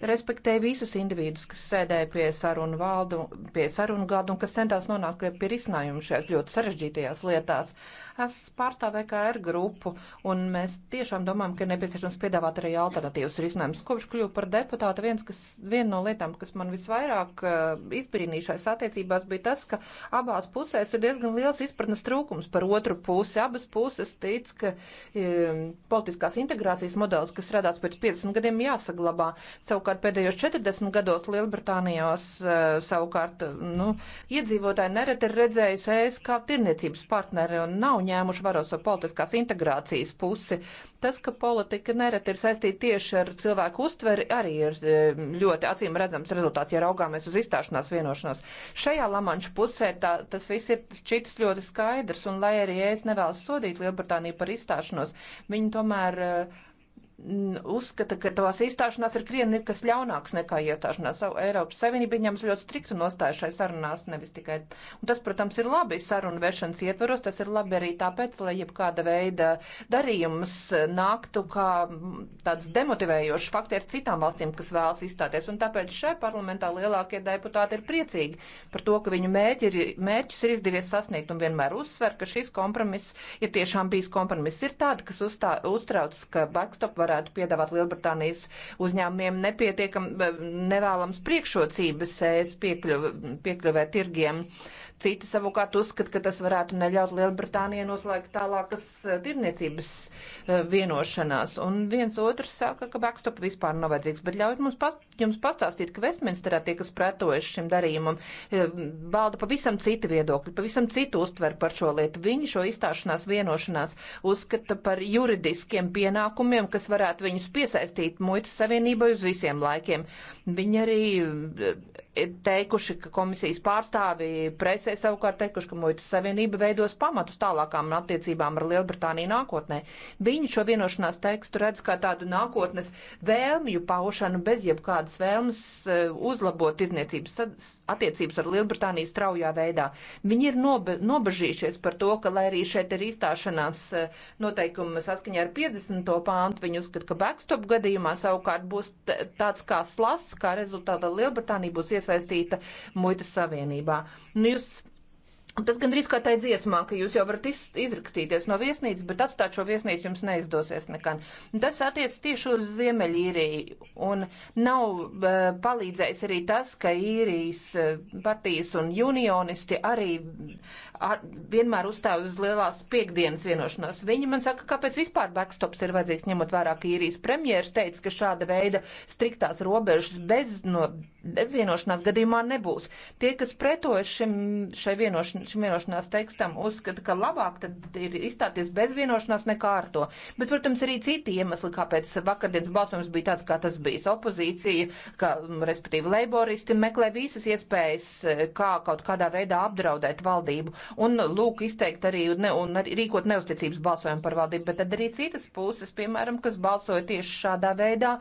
respektēja visus individus, kas sēdēja pie sarunu valdu, pie sarunu gadu un kas centās nonākt pie risinājumu šajās ļoti sarežģītajās lietās. Es pārstāvēju KR grupu un mēs tiešām domājam, ka nepieciešams piedāvāt arī alternatīvas risinājumus. Kopš kļuvu par deputātu, viens, kas, viena no lietām, kas man visvairāk uh, izbrīnīšais attiecībās, bija tas, ka abās pusēs ir diezgan liels izpratnes trūkums par otru pusi. Abas puses tic, ka um, politiskās integrācijas modelis, kas radās pēc 50 gadiem, jāsaglabā. Savukārt savukārt pēdējos 40 gados Lielbritānijās eh, savukārt nu, iedzīvotāji nereti ir redzējusi ES kā tirniecības partneri un nav ņēmuši varos no politiskās integrācijas pusi. Tas, ka politika nereti ir saistīta tieši ar cilvēku uztveri, arī ir eh, ļoti acīm redzams rezultāts, ja raugāmies uz izstāšanās vienošanos. Šajā Lamanša pusē tā, tas viss ir šķitis ļoti skaidrs, un lai arī es nevēlas sodīt Lielbritāniju par izstāšanos, viņi tomēr uh, uzskata, ka tās izstāšanās ir krietni kas ļaunāks nekā iestāšanās Eiropas Savienībā. Viņam ļoti striktu nostāju šai sarunās, nevis tikai. Un tas, protams, ir labi sarunu vešanas ietvaros, tas ir labi arī tāpēc, lai jebkāda veida darījums nāktu kā tāds demotivējošs fakti ar citām valstīm, kas vēlas izstāties. Un tāpēc šai parlamentā lielākie deputāti ir priecīgi par to, ka viņu mērķi ir, mērķus ir izdevies sasniegt un vienmēr uzsver, ka šis kompromiss ir tiešām bijis kompromiss. Ir tāda, kas uzstā, uztrauc, ka backstop var varētu piedāvāt Lielbritānijas uzņēmumiem nepietiekam, nevēlams priekšrocības piekļuvē tirgiem. Uh, Citi savukārt uzskata, ka tas varētu neļaut Lielbritānijai noslēgt tālākas eh, tirniecības eh, vienošanās. Un viens otrs saka, ka backstop vispār nav vajadzīgs. Bet ļaujiet mums pas, jums pastāstīt, ka Westminsterā tie, kas pretojas šim darījumam, balda eh, pavisam citi viedokļi, pavisam citu uztver par šo lietu. Viņi šo izstāšanās vienošanās uzskata par juridiskiem pienākumiem, kas varētu viņus piesaistīt muitas savienībai uz visiem laikiem. Viņi arī teikuši, ka komisijas pārstāvji presē savukārt teikuši, ka muitas savienība veidos pamatus tālākām attiecībām ar Lielbritāniju nākotnē. Viņi šo vienošanās tekstu redz kā tādu nākotnes vēlmju paušanu bez jebkādas vēlmes eh, uzlabot tirniecības attiecības ar Lielbritāniju straujā veidā. Viņi ir nobe, nobežījušies par to, ka, lai arī šeit ir izstāšanās eh, noteikumi saskaņā ar 50. pāntu, viņi uzskata, ka backstop gadījumā savukārt būs tāds kā slasts, kā rezultātā Lielbritānija būs iesaistīta muitas savienībā. Nu, jūs Tas gandrīz kā tā dziesmā, ka jūs jau varat iz, izrakstīties no viesnīcas, bet atstāt šo viesnīcu jums neizdosies nekad. Tas attiec tieši uz Ziemeļīriju, un nav uh, palīdzējis arī tas, ka īrijas eh, partijas un junionisti arī ar, vienmēr uzstāju uz lielās piekdienas vienošanos. Viņi man saka, kāpēc vispār backstops ir vajadzīgs, ņemot vērā, ka īrijas premjeras teica, ka šāda veida striktās robežas bez, no, bez vienošanās gadījumā nebūs. Tie, kas pretojas šim, vienošan, šim vienošanās tekstam, uzskata, ka labāk tad ir izstāties bez vienošanās nekā ar to. Bet, protams, arī citi iemesli, kāpēc vakardienas balsojums bija tāds, kā tas bijis. Opozīcija, ka, mm, respektīvi, leiboristi meklē visas iespējas, kā kaut kādā veidā apdraudēt valdību un lūk izteikt arī ne, un arī rīkot neusticības balsojumu par valdību, bet tad arī citas puses, piemēram, kas balsoja tieši šādā veidā,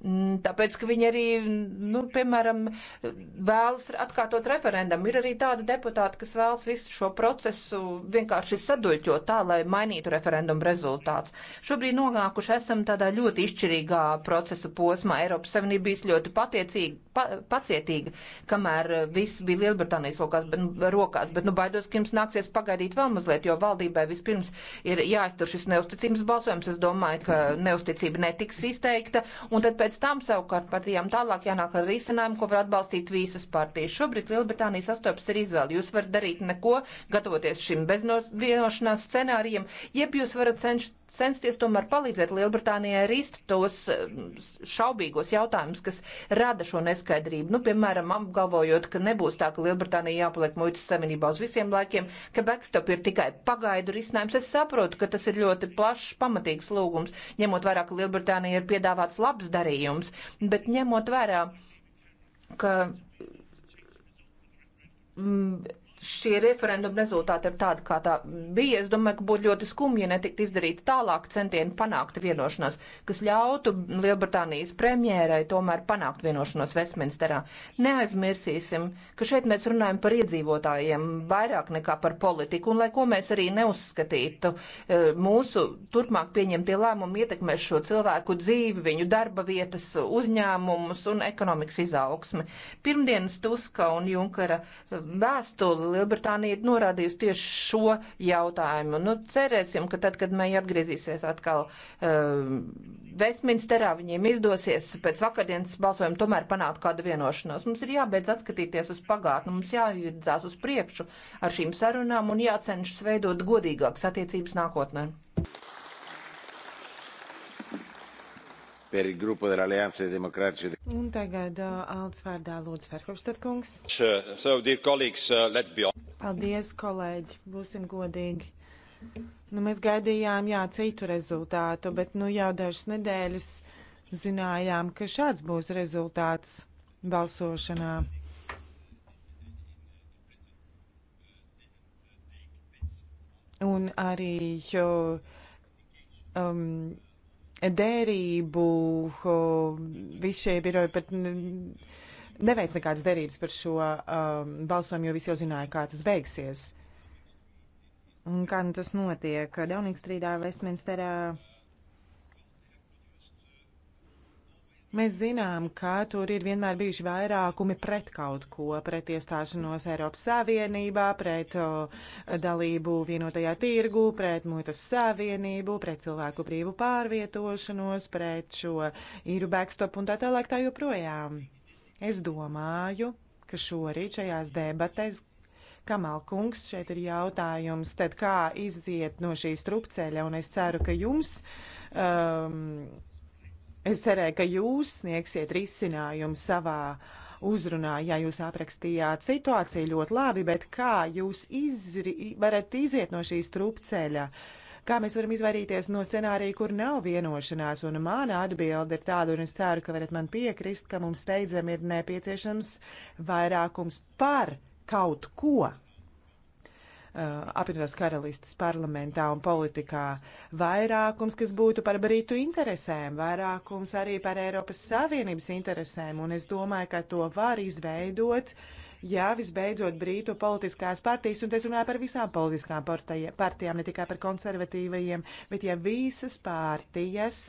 Mm, tāpēc, ka viņi arī, nu, piemēram, vēlas atkārtot referendumu. Ir arī tāda deputāta, kas vēlas visu šo procesu vienkārši saduļķot tā, lai mainītu referendumu rezultātus. Šobrīd nonākuši esam tādā ļoti izšķirīgā procesa posmā. Eiropas Savienība bijis ļoti pa, pacietīga, kamēr viss bija Lielbritānijas lokās, bet, nu, rokās, bet, nu, baidos, ka jums nāksies pagaidīt vēl mazliet, jo valdībai vispirms ir jāiztur šis neusticības balsojums. Es domāju, ka neusticība netiks izteikta. Un tad pēc Pēc tam savukārt partijām tālāk jānāk ar risinājumu, ko var atbalstīt visas partijas. Šobrīd Lielbritānija sastopas ar izvēli. Jūs varat darīt neko, gatavoties šim bezvienošanās scenārijam, jeb jūs varat cenšt, censties tomēr palīdzēt Lielbritānijai rist tos eh, šaubīgos jautājumus, kas rada šo neskaidrību. Nu, piemēram, apgalvojot, ka nebūs tā, ka Lielbritānija jāpaliek muitas savienībā uz visiem laikiem, ka backstop ir tikai pagaidu risinājums. Es saprotu, ka tas ir ļoti plašs, pamatīgs lūgums, ņemot vērā, ka Lielbritānija ir piedāvāts labs darījums, bet ņemot vērā, ka mm, šie referenduma rezultāti ir tādi, kā tā bija. Es domāju, ka būtu ļoti skumji, ja netikt izdarīt tālāk centieni panākt vienošanos, kas ļautu Lielbritānijas premjērai tomēr panākt vienošanos Westminsterā. Neaizmirsīsim, ka šeit mēs runājam par iedzīvotājiem vairāk nekā par politiku, un lai ko mēs arī neuzskatītu, eh, mūsu turpmāk pieņemtie lēmumi ietekmēs šo cilvēku dzīvi, viņu darba vietas, uzņēmumus un ekonomikas izaugsmi. Pirmdienas Tuska un Junkara eh, vēstuli Lielbritānija ir norādījusi tieši šo jautājumu. Nu, cerēsim, ka tad, kad mēs atgriezīsies atkal uh, ehm, Vestminsterā, viņiem izdosies pēc vakardienas balsojuma tomēr panākt kādu vienošanos. Mums ir jābeidz atskatīties uz pagātni, mums jāvirdzās uz priekšu ar šīm sarunām un jācenšas veidot godīgākas attiecības nākotnē. per il gruppo dell'alleanza dei demokrātiķi un e demokrāti. Un tagad uh, Alts vārdā lūdzu Verhofstadt kungs. Uh, so, dear colleagues, uh, let's be honest. Paldies, kolēģi, būsim godīgi. Nu, mēs gaidījām, jā, citu rezultātu, bet nu jau dažas nedēļas zinājām, ka šāds būs rezultāts balsošanā. Un arī, jo, um, derību, visi šie biroji pat neveic nekādas derības par šo um, balsojumu, jo visi jau zināja, kā tas beigsies. Un kā nu tas notiek? Daunīgs strīdā Vestminsterā. Uh, Mēs zinām, ka tur ir vienmēr bijuši vairākumi pret kaut ko, pret iestāšanos Eiropas Savienībā, pret o, dalību vienotajā tirgu, pret muitas savienību, pret cilvēku brīvu pārvietošanos, pret šo īru backstop un tā tālāk tā joprojām. Es domāju, ka šorīt šajās debatēs Kamalkungs šeit ir jautājums, tad kā iziet no šīs trupceļa, un es ceru, ka jums. Um, Es cerēju, ka jūs sniegsiet risinājumu savā uzrunā, ja jūs aprakstījāt situāciju ļoti labi, bet kā jūs izri, varat iziet no šīs trupceļa? Kā mēs varam izvairīties no scenārija, kur nav vienošanās? Un mana atbilde ir tāda, un es ceru, ka varat man piekrist, ka mums steidzam ir nepieciešams vairākums par kaut ko. Eh, apvienotās karalistas parlamentā un politikā. Vairākums, kas būtu par Britu interesēm, vairākums arī par Eiropas Savienības interesēm, un es domāju, ka to var izveidot. Jā, visbeidzot, brītu politiskās partijas, un es runāju par visām politiskām partijām, ne tikai par konservatīvajiem, bet ja visas partijas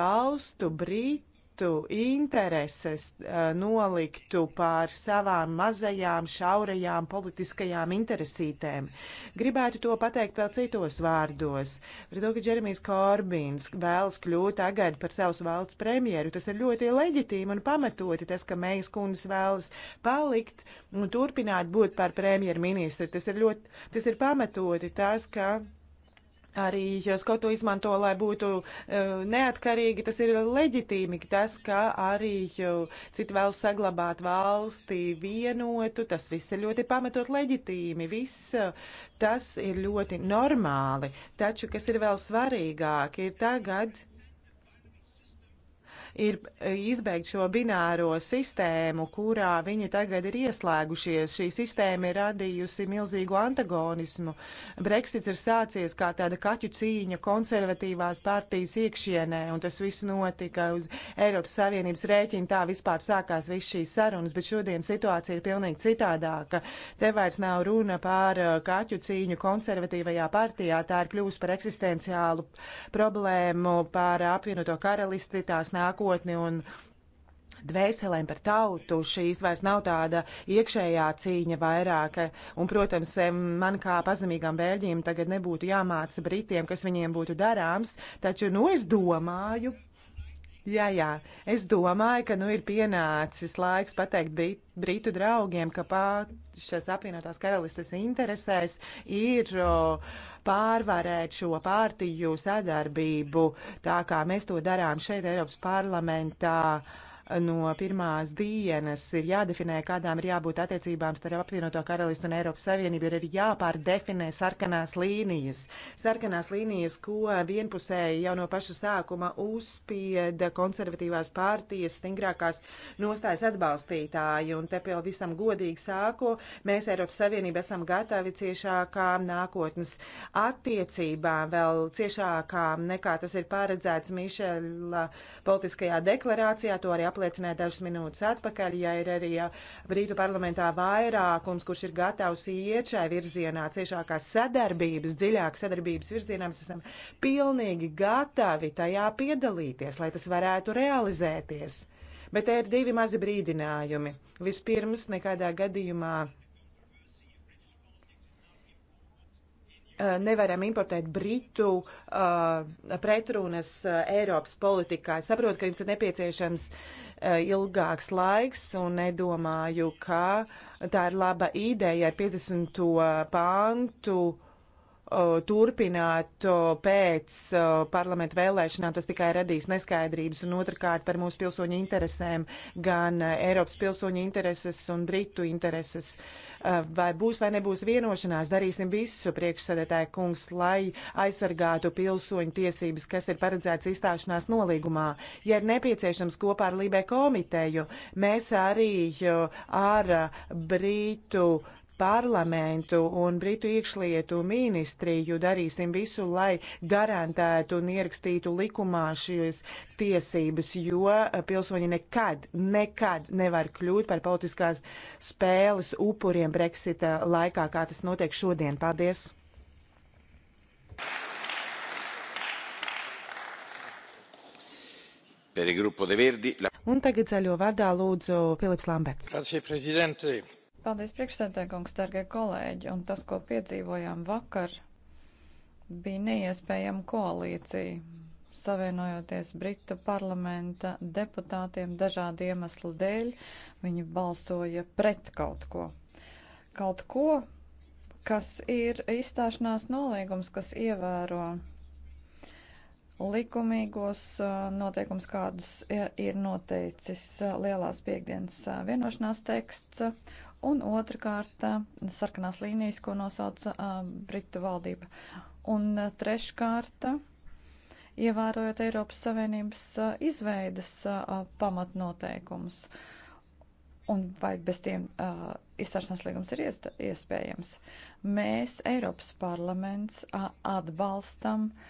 valstu brīt citu intereses eh, noliktu pār savām mazajām, šaurajām politiskajām interesītēm. Gribētu to pateikt vēl citos vārdos. Par to, ka Džeremijs Korbins vēlas kļūt tagad par savas valsts premjeru, tas ir ļoti leģitīmi un pamatoti tas, ka Meijas kundas vēlas palikt un turpināt būt par premjerministru. Tas ir ļoti, tas ir pamatoti tas, ka Arī Skotu izmanto, lai būtu uh, neatkarīgi, tas ir leģitīmi, tas, ka arī e, citi vēl saglabāt valsti vienotu, tas viss ir ļoti pamatot leģitīmi, viss e, tas ir ļoti normāli. Taču, kas ir vēl svarīgāk, ir tagad ir eh, izbeigt šo bināro sistēmu, kurā viņi tagad ir ieslēgušies. Šī sistēma ir radījusi milzīgu antagonismu. Brexits ir sācies kā tāda kaķu cīņa konservatīvās partijas iekšienē, un tas viss notika uz Eiropas Savienības rēķina. Tā vispār sākās viss šīs sarunas, bet šodien situācija ir pilnīgi citādāka. Te vairs nav runa par eh, kaķu cīņu konservatīvajā partijā. Tā ir kļūst par eksistenciālu problēmu, par apvienoto karalisti tās nākotnē nākotni un dvēselēm par tautu. Šīs vairs nav tāda iekšējā cīņa vairāk. Un, protams, man kā pazemīgām bēļģiem tagad nebūtu jāmāca Britiem, kas viņiem būtu darāms, taču, nu, es domāju. Jā, jā, es domāju, ka nu ir pienācis laiks pateikt Brit Britu draugiem, ka pašas apvienotās karalistes interesēs ir. Uh, pārvarēt šo pārtīju sadarbību, tā kā mēs to darām šeit Eiropas parlamentā. Uh, no pirmās dienas ir jādefinē, kādām ir jābūt attiecībām starp apvienoto karalistu un Eiropas Savienību, ir arī jāpārdefinē sarkanās līnijas. Sarkanās līnijas, ko vienpusēji jau no paša sākuma uzspieda konservatīvās pārtijas stingrākās nostājas atbalstītāji, un te vēl visam godīgi sāku, mēs Eiropas Savienība esam gatavi ciešākām nākotnes attiecībām, vēl ciešākām nekā tas ir paredzēts Mišela politiskajā deklarācijā, to arī aplūkojam apliecināja dažas minūtes atpakaļ, ja ir arī Brītu parlamentā vairākums, kurš ir gatavs iet šai virzienā, ciešākās sadarbības, dziļākas sadarbības virzienā, mēs esam pilnīgi gatavi tajā piedalīties, lai tas varētu realizēties. Bet te ir divi mazi brīdinājumi. Vispirms, nekādā gadījumā eh, nevaram importēt britu uh, pretrunas uh, Eiropas politikā. Es saprotu, ka jums ir nepieciešams uh, Eh, ilgāks laiks, un nedomāju, ka tā ir laba ideja ar 50. pāntu turpināt eh, pēc eh, parlamentu vēlēšanām, tas tikai radīs neskaidrības un otrkārt par mūsu pilsoņu interesēm, gan Eiropas pilsoņu intereses un Britu intereses. Uh, Eh, vai būs vai nebūs vienošanās, darīsim visu priekšsēdētāju kungs, lai aizsargātu pilsoņu tiesības, kas ir paredzēts izstāšanās nolīgumā. Ja ir nepieciešams kopā ar Lībē komiteju, mēs arī eh, ar Brītu uh, parlamentu un Britu iekšlietu ministriju darīsim visu, lai garantētu un ierakstītu likumā šīs tiesības, jo pilsoņi nekad, nekad nevar kļūt par politiskās spēles upuriem Brexita laikā, kā tas notiek šodien. Paldies! Un tagad zaļo vārdā lūdzu Filips Lamberts. Paldies, priekšsēdētājkungs, dargie kolēģi, un tas, ko piedzīvojām vakar, bija neiespējama koalīcija, savienojoties Britu parlamenta deputātiem dažādu iemeslu dēļ, viņi balsoja pret kaut ko. Kaut ko, kas ir izstāšanās nolīgums, kas ievēro likumīgos eh, noteikums, kādus eh, ir noteicis eh, lielās piekdienas vienošanās teksts, un otrkārt eh, sarkanās līnijas, ko nosauca eh, Britu valdība. Un eh, treškārt, ievērojot Eiropas Savienības izveidas pamatnoteikumus. Un vai bez tiem uh, izstāšanās līgums ir iespējams? Mēs, Eiropas parlaments, uh, atbalstam uh,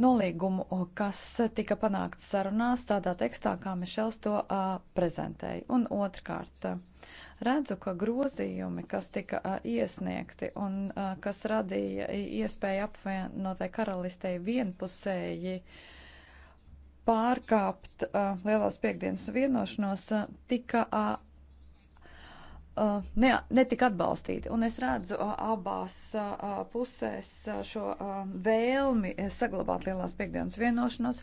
nolīgumu, kas tika panākts sarunās tādā tekstā, kā Mišels to uh, prezentēja. Un otrkārt, uh, redzu, ka grozījumi, kas tika uh, iesniegti un uh, kas radīja iespēju apvienotai karalistei vienpusēji pārkāpt uh, Lielās piekdienas vienošanos, uh, tika uh, Uh, ne, netika atbalstīti. Un es redzu uh, abās uh, pusēs šo um, vēlmi saglabāt lielās piekdienas vienošanos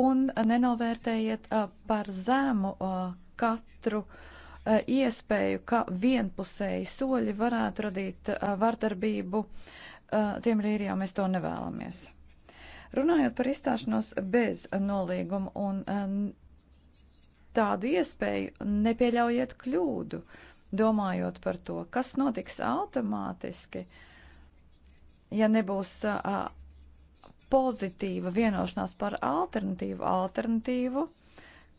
un nenovērtējiet par zemu katru iespēju, ka vienpusēji soļi varētu radīt vardarbību. Ziemrīrijā mēs to nevēlamies. Runājot par izstāšanos bez nolīguma un tādu iespēju, nepieļaujiet kļūdu. Uh, domājot par to, kas notiks automātiski, ja nebūs uh, pozitīva vienošanās par alternatīvu, alternatīvu,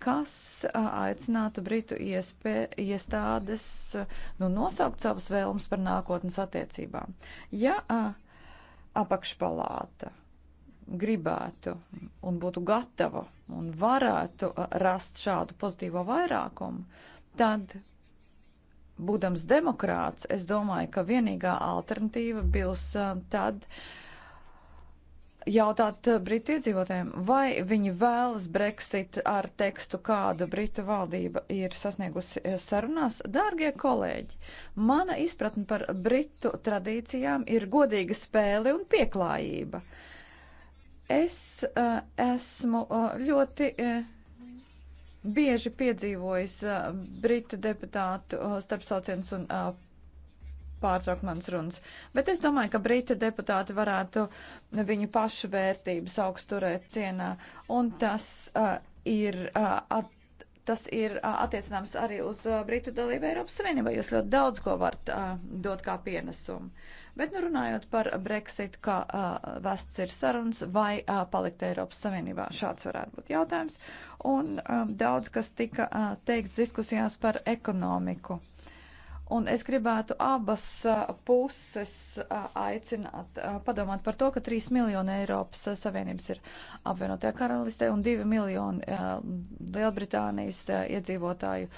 kas uh, aicinātu Britu iespē, iestādes uh, nu, nosaukt savas vēlmes par nākotnes attiecībām. Ja uh, apakšpalāta gribētu un būtu gatava un varētu rast šādu pozitīvo vairākumu, tad būdams demokrāts, es domāju, ka vienīgā alternatīva būs um, tad jautāt uh, Britu iedzīvotājiem, vai viņi vēlas Brexit ar tekstu, kādu Britu valdība ir sasniegusi uh, sarunās. Dārgie kolēģi, mana izpratne par Britu tradīcijām ir godīga spēle un pieklājība. Es uh, esmu uh, ļoti. Uh, bieži piedzīvojis britu deputātu starpsauciens un pārtraukt manas runas. Bet es domāju, ka brita deputāti varētu viņu pašu vērtības augsturēt cienā. Un tas uh, ir uh, at, tas ir attiecināms arī uz Britu dalību Eiropas Savienībā. Jūs ļoti daudz ko varat uh, dot kā pienesumu. Bet nu runājot par Brexit, kā uh, vests ir sarunas, vai uh, palikt Eiropas Savienībā, šāds varētu būt jautājums. Un um, daudz, kas tika uh, teikts diskusijās par ekonomiku. Un es gribētu abas puses aicināt, padomāt par to, ka 3 miljoni Eiropas Savienības ir apvienotajā karalistē un 2 miljoni Lielbritānijas iedzīvotāju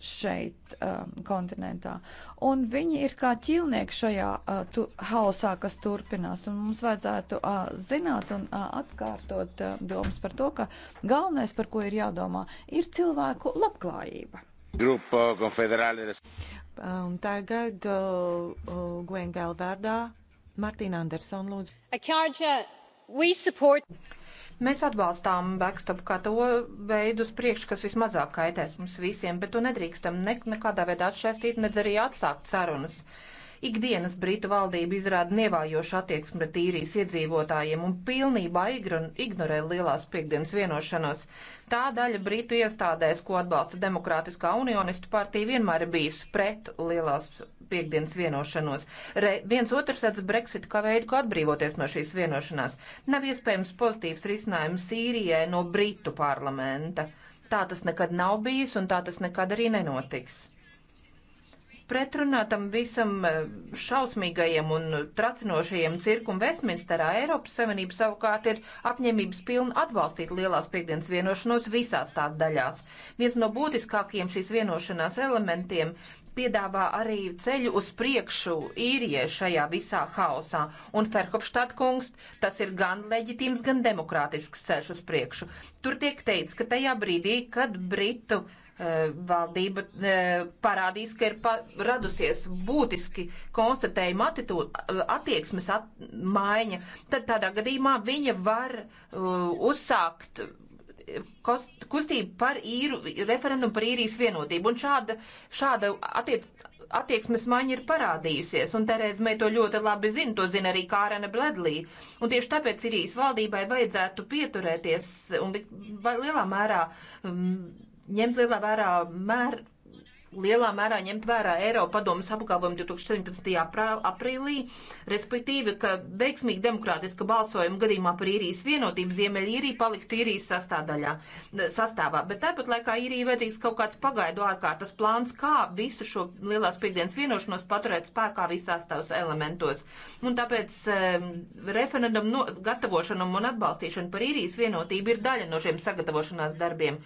šeit uh, kontinentā. Un viņi ir kā ķilnieki šajā uh, tu, haosā, kas turpinās. Un mums vajadzētu uh, zināt un uh, atkārtot uh, domas par to, ka galvenais, par ko ir jādomā, ir cilvēku labklājība. Grupo Confederālis. Un um, tagad uh, uh Gwen Galvārdā, Martīna Andersona lūdzu. Support... Mēs atbalstām backstop kā to veidu uz priekšu, kas vismazāk kaitēs mums visiem, bet to nedrīkstam ne, nekādā veidā atšķaistīt, nedz arī atsākt sarunas. Uh, Ikdienas Britu valdība izrāda nevājošu attieksmi pret īrijas iedzīvotājiem un pilnībā ignorē lielās piekdienas vienošanos. Tā daļa Britu iestādēs, ko atbalsta Demokrātiskā unionistu partija, vienmēr ir bijusi pret lielās piekdienas vienošanos. Re, viens otrs redz Brexit kā veidu, kā atbrīvoties no šīs vienošanās. Nav iespējams pozitīvs risinājums Sīrijai no Britu parlamenta. Tā tas nekad nav bijis un tā tas nekad arī nenotiks. Pretrunā tam visam eh, šausmīgajam un tracinošajam cirkum Vestminsterā Eiropas Savienība savukārt ir apņēmības pilna atbalstīt lielās piekdienas vienošanos visās tās daļās. Viens no būtiskākajiem šīs vienošanās elementiem piedāvā arī ceļu uz priekšu īrijai šajā visā haosā. Un Ferhofštāt kungs, tas ir gan leģitīms, gan demokrātisks ceļš uz priekšu. Tur tiek teikts, ka tajā brīdī, kad Britu uh, valdība eh, parādīs, ka ir pa, radusies būtiski konstatējuma attieksmes at, maiņa, tad tādā gadījumā viņa var uh, uzsākt eh, kost, kustību par īru, referendumu par īrijas vienotību. Un šāda, šāda attiec, attieksmes maiņa ir parādījusies, un Terēza Mē to ļoti labi zina, to zina arī Kārena Bledlī. Un tieši tāpēc Irijas valdībai vajadzētu pieturēties un lielā mērā um, ņemt lielā vērā mēr, lielā mērā ņemt vērā Eiropa padomas apgalvojumu 2017. aprīlī, respektīvi, ka veiksmīgi demokrātiska balsojuma gadījumā par īrijas vienotību Ziemeļīrija paliktu īrijas sastādaļā, sastāvā. Bet tāpat laikā īrija vajadzīgs kaut kāds pagaidu ārkārtas plāns, kā visu šo lielās piekdienas vienošanos paturēt spēkā visās tavas elementos. Un tāpēc um, ehm, referendumu no, gatavošanam un atbalstīšanu par īrijas vienotību ir daļa no šiem sagatavošanās darbiem.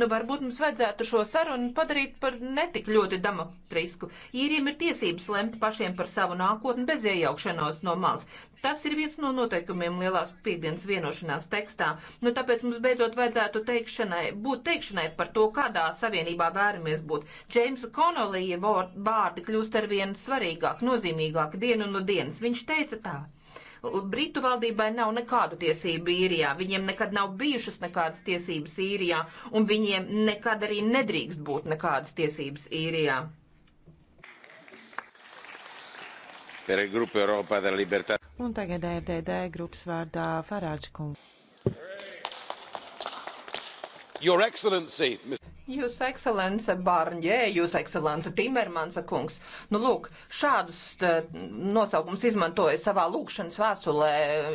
Nu, varbūt mums vajadzētu šo sarunu padarīt par netik ļoti damatrisku. Īriem ir tiesības lemt pašiem par savu nākotni bez iejaukšanos no malas. Tas ir viens no noteikumiem lielās piekdienas vienošanās tekstā. Nu, tāpēc mums beidzot vajadzētu teikšanai, būt teikšanai par to, kādā savienībā vēramies būt. Džeimsa Konolija vārdi kļūst arvien svarīgāk, nozīmīgāk dienu no dienas. Viņš teica tā. Britu valdībai nav nekādu tiesību īrijā, viņiem nekad nav bijušas nekādas tiesības īrijā, un viņiem nekad arī nedrīkst būt nekādas tiesības īrijā. Un tagad FDD grupas vārdā Farāģa kungs. Your Excellency, Mr. Jūs, ekscelence Barņē, jūs, ekscelence Timermansa kungs, nu lūk, šādus nosaukums izmantoja savā lūkšanas vēstulē,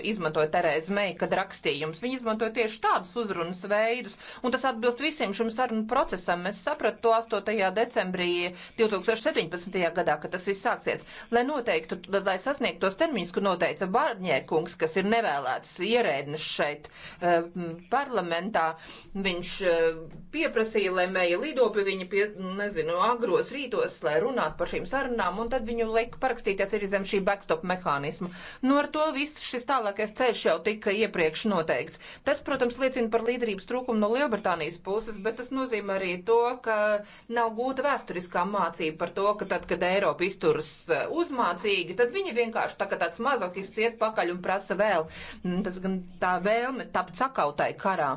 izmantoja Terēza Meija, kad rakstījums. Viņi izmantoja tieši tādus uzrunas veidus, un tas atbilst visiem šim sarunu procesam. Es sapratu to 8. decembrī 2017. gadā, kad tas viss sāksies. Lai noteiktu, lai sasniegtu tos termiņus, ko noteica Barņē kungs, kas ir nevēlēts ierēdnis šeit eh, parlamentā, viņš eh, pieprasīja, lai Meija lido pie viņa, pie, nezinu, agros rītos, lai runātu par šīm sarunām, un tad viņu lika parakstīties arī zem šī backstop mehānisma. Nu, ar to viss šis tālākais ceļš jau tika iepriekš noteikts. Tas, protams, liecina par līderības trūkumu no Lielbritānijas puses, bet tas nozīmē arī to, ka nav gūta vēsturiskā mācība par to, ka tad, kad Eiropa izturas uh, uzmācīgi, tad viņi vienkārši tā kā tāds mazohists iet pakaļ un prasa vēl. Mm, tas gan tā vēlme tapt sakautai karā.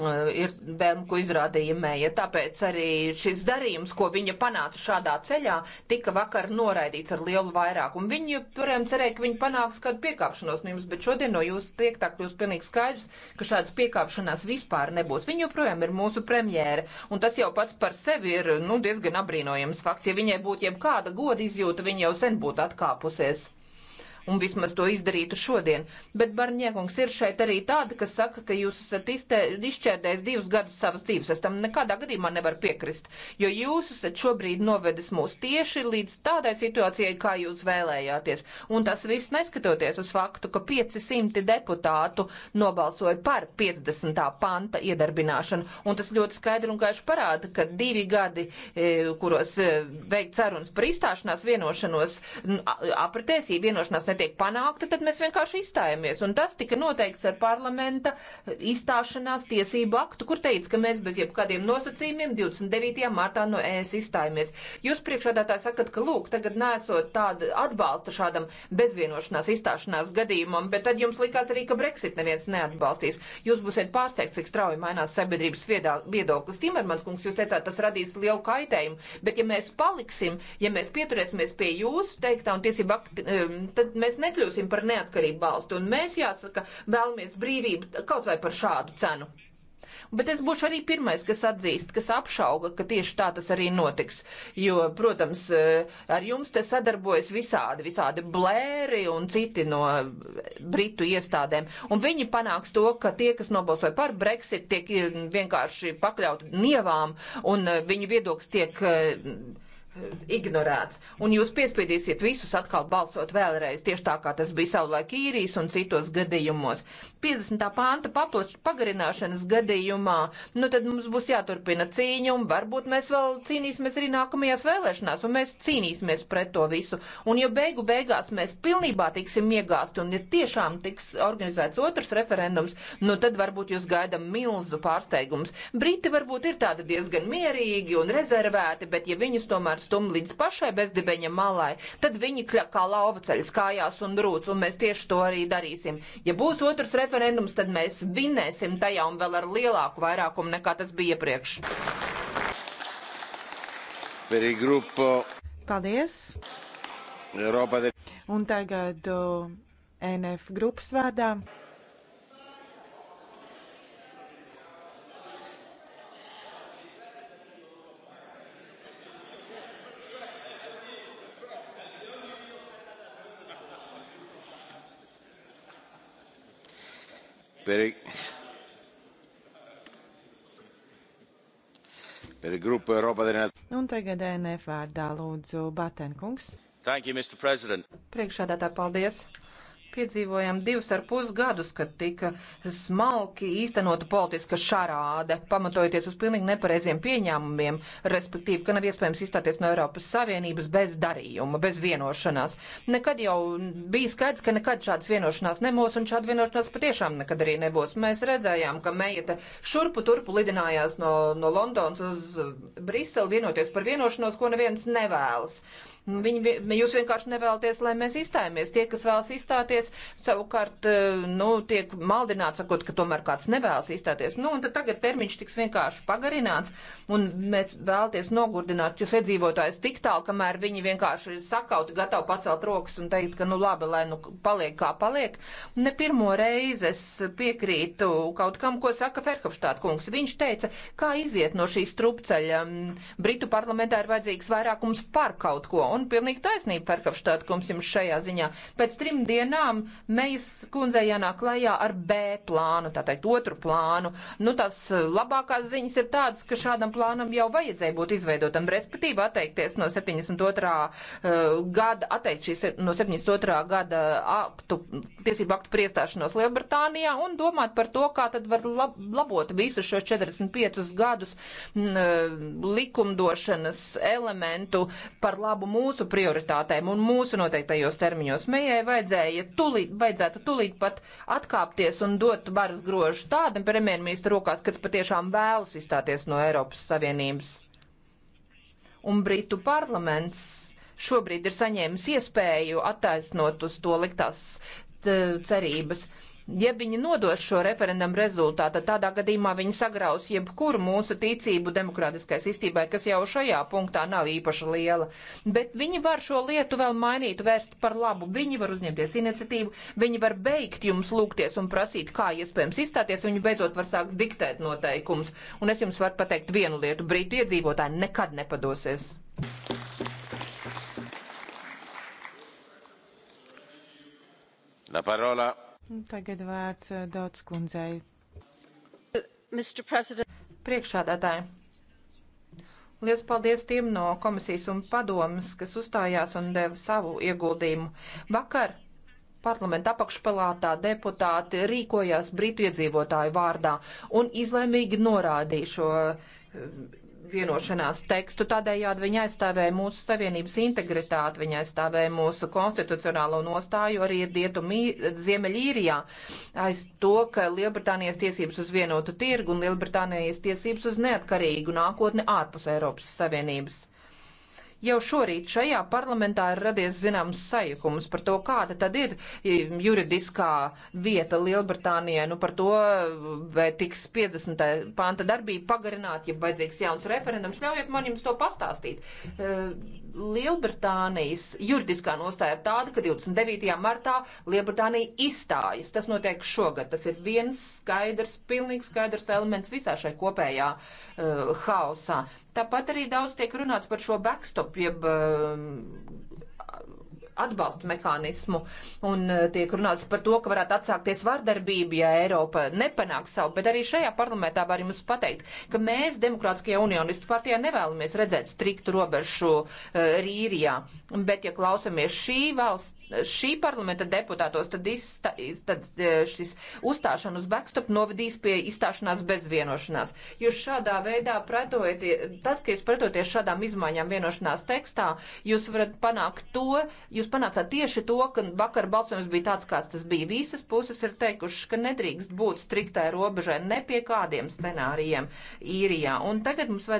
Eh, ir Benku izrādīja mēja. Tāpēc arī šis darījums, ko viņa panāca šādā ceļā, tika vakar noraidīts ar lielu vairākumu. Viņi joprojām cerēja, ka viņi panāks kādu piekāpšanos no jums, bet šodien no jūsu tiek tā kļūst pilnīgi skaidrs, ka šādas piekāpšanās vispār nebūs. Viņa joprojām ir mūsu premjēra, un tas jau pats par sevi ir nu, diezgan apbrīnojams fakts. Ja viņai būtu jebkāda goda izjūta, viņa jau sen būtu atkāpusies un vismaz to izdarītu šodien. Bet Barņēkungs ir šeit arī tāda, kas saka, ka jūs esat izšķērdējis divus gadus savas dzīves. Es tam nekādā gadījumā nevaru piekrist, jo jūs esat šobrīd novedis mūs tieši līdz tādai situācijai, kā jūs vēlējāties. Un tas viss neskatoties uz faktu, ka 500 deputātu nobalsoja par 50. panta iedarbināšanu. Un tas ļoti skaidri un gaiši parāda, ka divi gadi, e, kuros e, veikt sarunas par izstāšanās vienošanos, apritēsīja vienošanās netiek panākta, tad mēs vienkārši izstājamies. Un tas tika noteikts ar parlamenta izstāšanās tiesību aktu, kur teica, ka mēs bez jebkādiem nosacījumiem 29. martā no ES izstājamies. Jūs priekšādātāji sakat, ka lūk, tagad nesot tāda atbalsta šādam bezvienošanās izstāšanās gadījumam, bet tad jums likās arī, ka Brexit neviens neatbalstīs. Jūs būsiet pārsteigts, cik strauji mainās sabiedrības viedoklis. Timermans kungs, jūs teicāt, tas radīs lielu kaitējumu, bet ja mēs paliksim, ja mēs pieturēsimies pie jūsu teiktā un tiesību aktu, tad mēs nekļūsim par neatkarību valsti. Un mēs, jāsaka, vēlamies brīvību kaut vai par šādu cenu. Bet es būšu arī pirmais, kas atzīst, kas apšauga, ka tieši tā tas arī notiks. Jo, protams, eh, ar jums te sadarbojas visādi, visādi blēri un citi no eh, britu iestādēm. Un viņi panāks to, ka tie, kas nobalsoja par Brexit, tiek eh, vienkārši pakļauti nievām un viņu viedoklis tiek ignorēts. Un jūs piespiedīsiet visus atkal balsot vēlreiz, tieši tā kā tas bija savulaik īrijas un citos gadījumos. 50. pānta paplaš, pagarināšanas gadījumā, nu tad mums būs jāturpina cīņa, un varbūt mēs vēl cīnīsimies arī nākamajās vēlēšanās, un mēs cīnīsimies pret to visu. Un ja beigu beigās mēs pilnībā tiksim iegāsti, un ja tiešām tiks organizēts otrs referendums, nu tad varbūt jūs gaidam milzu pārsteigums. Briti varbūt ir tādi diezgan mierīgi un rezervēti, bet ja viņus tomēr stumj līdz pašai bezdibeņa malai, tad viņi kā lauva ceļas kājās un rūc, un mēs tieši to arī darīsim. Ja būs otrs referendums, tad mēs vinēsim tajā un vēl ar lielāku vairākumu nekā tas bija iepriekš. Paldies! Un tagad uh, NF grupas vārdā. Per... Per grupu Eiropa dienā. Un tagad NF vārdā lūdzu Batenkungs. Thank you, Mr. President. Priekšādā tā paldies piedzīvojām divus ar pus gadus, kad tika smalki īstenota politiska šarāde, pamatojoties uz pilnīgi nepareiziem pieņēmumiem, respektīvi, ka nav iespējams izstāties no Eiropas Savienības bez darījuma, bez vienošanās. Nekad jau bija skaidrs, ka nekad šādas vienošanās nebūs, un šāda vienošanās patiešām nekad arī nebūs. Mēs redzējām, ka meita šurpu turpu lidinājās no, no Londons uz Briseli, vienoties par vienošanos, ko neviens nevēlas. Viņi, jūs vienkārši nevēlaties, lai mēs izstājamies. Tie, kas vēlas izstāties, iestāties, savukārt, eh, nu, tiek maldināts, sakot, ka tomēr kāds nevēlas iestāties. Nu, un tad tagad termiņš tiks vienkārši pagarināts, un mēs vēlties nogurdināt jūs iedzīvotājus tik tālu, kamēr viņi vienkārši ir sakauti, gatavi pacelt rokas un teikt, ka, nu, labi, lai nu paliek kā paliek. Ne pirmo reizi es piekrītu kaut kam, ko saka Ferhofštāt kungs. Viņš teica, kā iziet no šīs trupceļa. Britu parlamentā ir vajadzīgs vairākums par kaut ko, un pilnīgi taisnība Ferhofštāt kungs jums šajā ziņā. Pēc trim dienām pamazām Mejas kundze jānāk klajā ar B plānu, tātad otru plānu. Nu, tās e, labākās ziņas ir tādas, ka šādam plānam jau vajadzēja būt izveidotam, respektīvi atteikties no 72. E, gada, atteikt šīs no 72. gada aktu, tiesību aktu priestāšanos Lielbritānijā un domāt par to, kā tad var lab labot visus šos 45 gadus e, likumdošanas elementu par labu mūsu prioritātēm un mūsu noteiktajos termiņos. Mējai vajadzēja tulīt, vajadzētu tulīt pat atkāpties un dot varas grožu tādam premjerministra rokās, kas patiešām vēlas izstāties no Eiropas Savienības. Un Britu parlaments šobrīd ir saņēmis iespēju attaisnot uz to liktās cerības. Uh, ja viņi nodos šo referendumu rezultātu, tad tādā gadījumā viņi sagraus jebkuru mūsu ticību demokrātiskai sistībai, kas jau šajā punktā nav īpaši liela. Bet viņi var šo lietu vēl mainīt, vērst par labu. Viņi var uzņemties iniciatīvu, viņi var beigt jums lūgties un prasīt, kā iespējams izstāties. Viņi beidzot var sākt diktēt noteikumus. Un es jums varu pateikt vienu lietu. Brītu iedzīvotāji nekad nepadosies. La parola Tagad vārds eh, Dots kundzei. Priekšādātāji. Lielas paldies tiem no komisijas un padomas, kas uzstājās un deva savu ieguldījumu. Vakar parlamenta apakšpalātā deputāti rīkojās Britu iedzīvotāju vārdā un izlēmīgi norādīja šo eh, vienošanās tekstu. Tādējādi viņi aizstāvēja mūsu savienības integritāti, viņi aizstāvēja mūsu konstitucionālo nostāju arī Rietumī, Ziemeļīrijā aiz to, ka Lielbritānijas tiesības uz vienotu tirgu un Lielbritānijas tiesības uz neatkarīgu nākotni ārpus Eiropas Savienības. Jau šorīt šajā parlamentā ir radies zināms sajukums par to, kāda tad ir juridiskā vieta Lielbritānijai, nu par to, vai tiks 50. panta darbība pagarināt, ja vajadzīgs jauns referendums. Ļaujiet man jums to pastāstīt. E, Lielbritānijas juridiskā nostāja ir tāda, ka 29. martā Lielbritānija izstājas. Tas notiek šogad. Tas ir viens skaidrs, pilnīgi skaidrs elements visā šai kopējā uh, hausā. Tāpat arī daudz tiek runāts par šo backstop, jeb uh, atbalsta mehānismu. Un e, tiek runāts par to, ka varētu atsākties vardarbība, ja Eiropa nepanāks savu, bet arī šajā parlamentā var jums pateikt, ka mēs Demokrātiskajā unionistu partijā nevēlamies redzēt striktu robežu uh, Rīrijā. Bet, ja klausamies šī valsts, šī parlamenta deputātos, tad, izsta, tad e, šis uzstāšanās uz backstop novadīs pie izstāšanās bez vienošanās. Jūs šādā veidā pretojaties, tas, ka jūs pretojaties šādām izmaiņām vienošanās tekstā, jūs varat panākt to, jūs panācāt tieši to, ka vakar balsojums bija tāds, kāds tas bija. Visas puses ir teikušas, ka nedrīkst būt striktai robežai ne pie kādiem scenārijiem īrijā. Un tagad mums vajag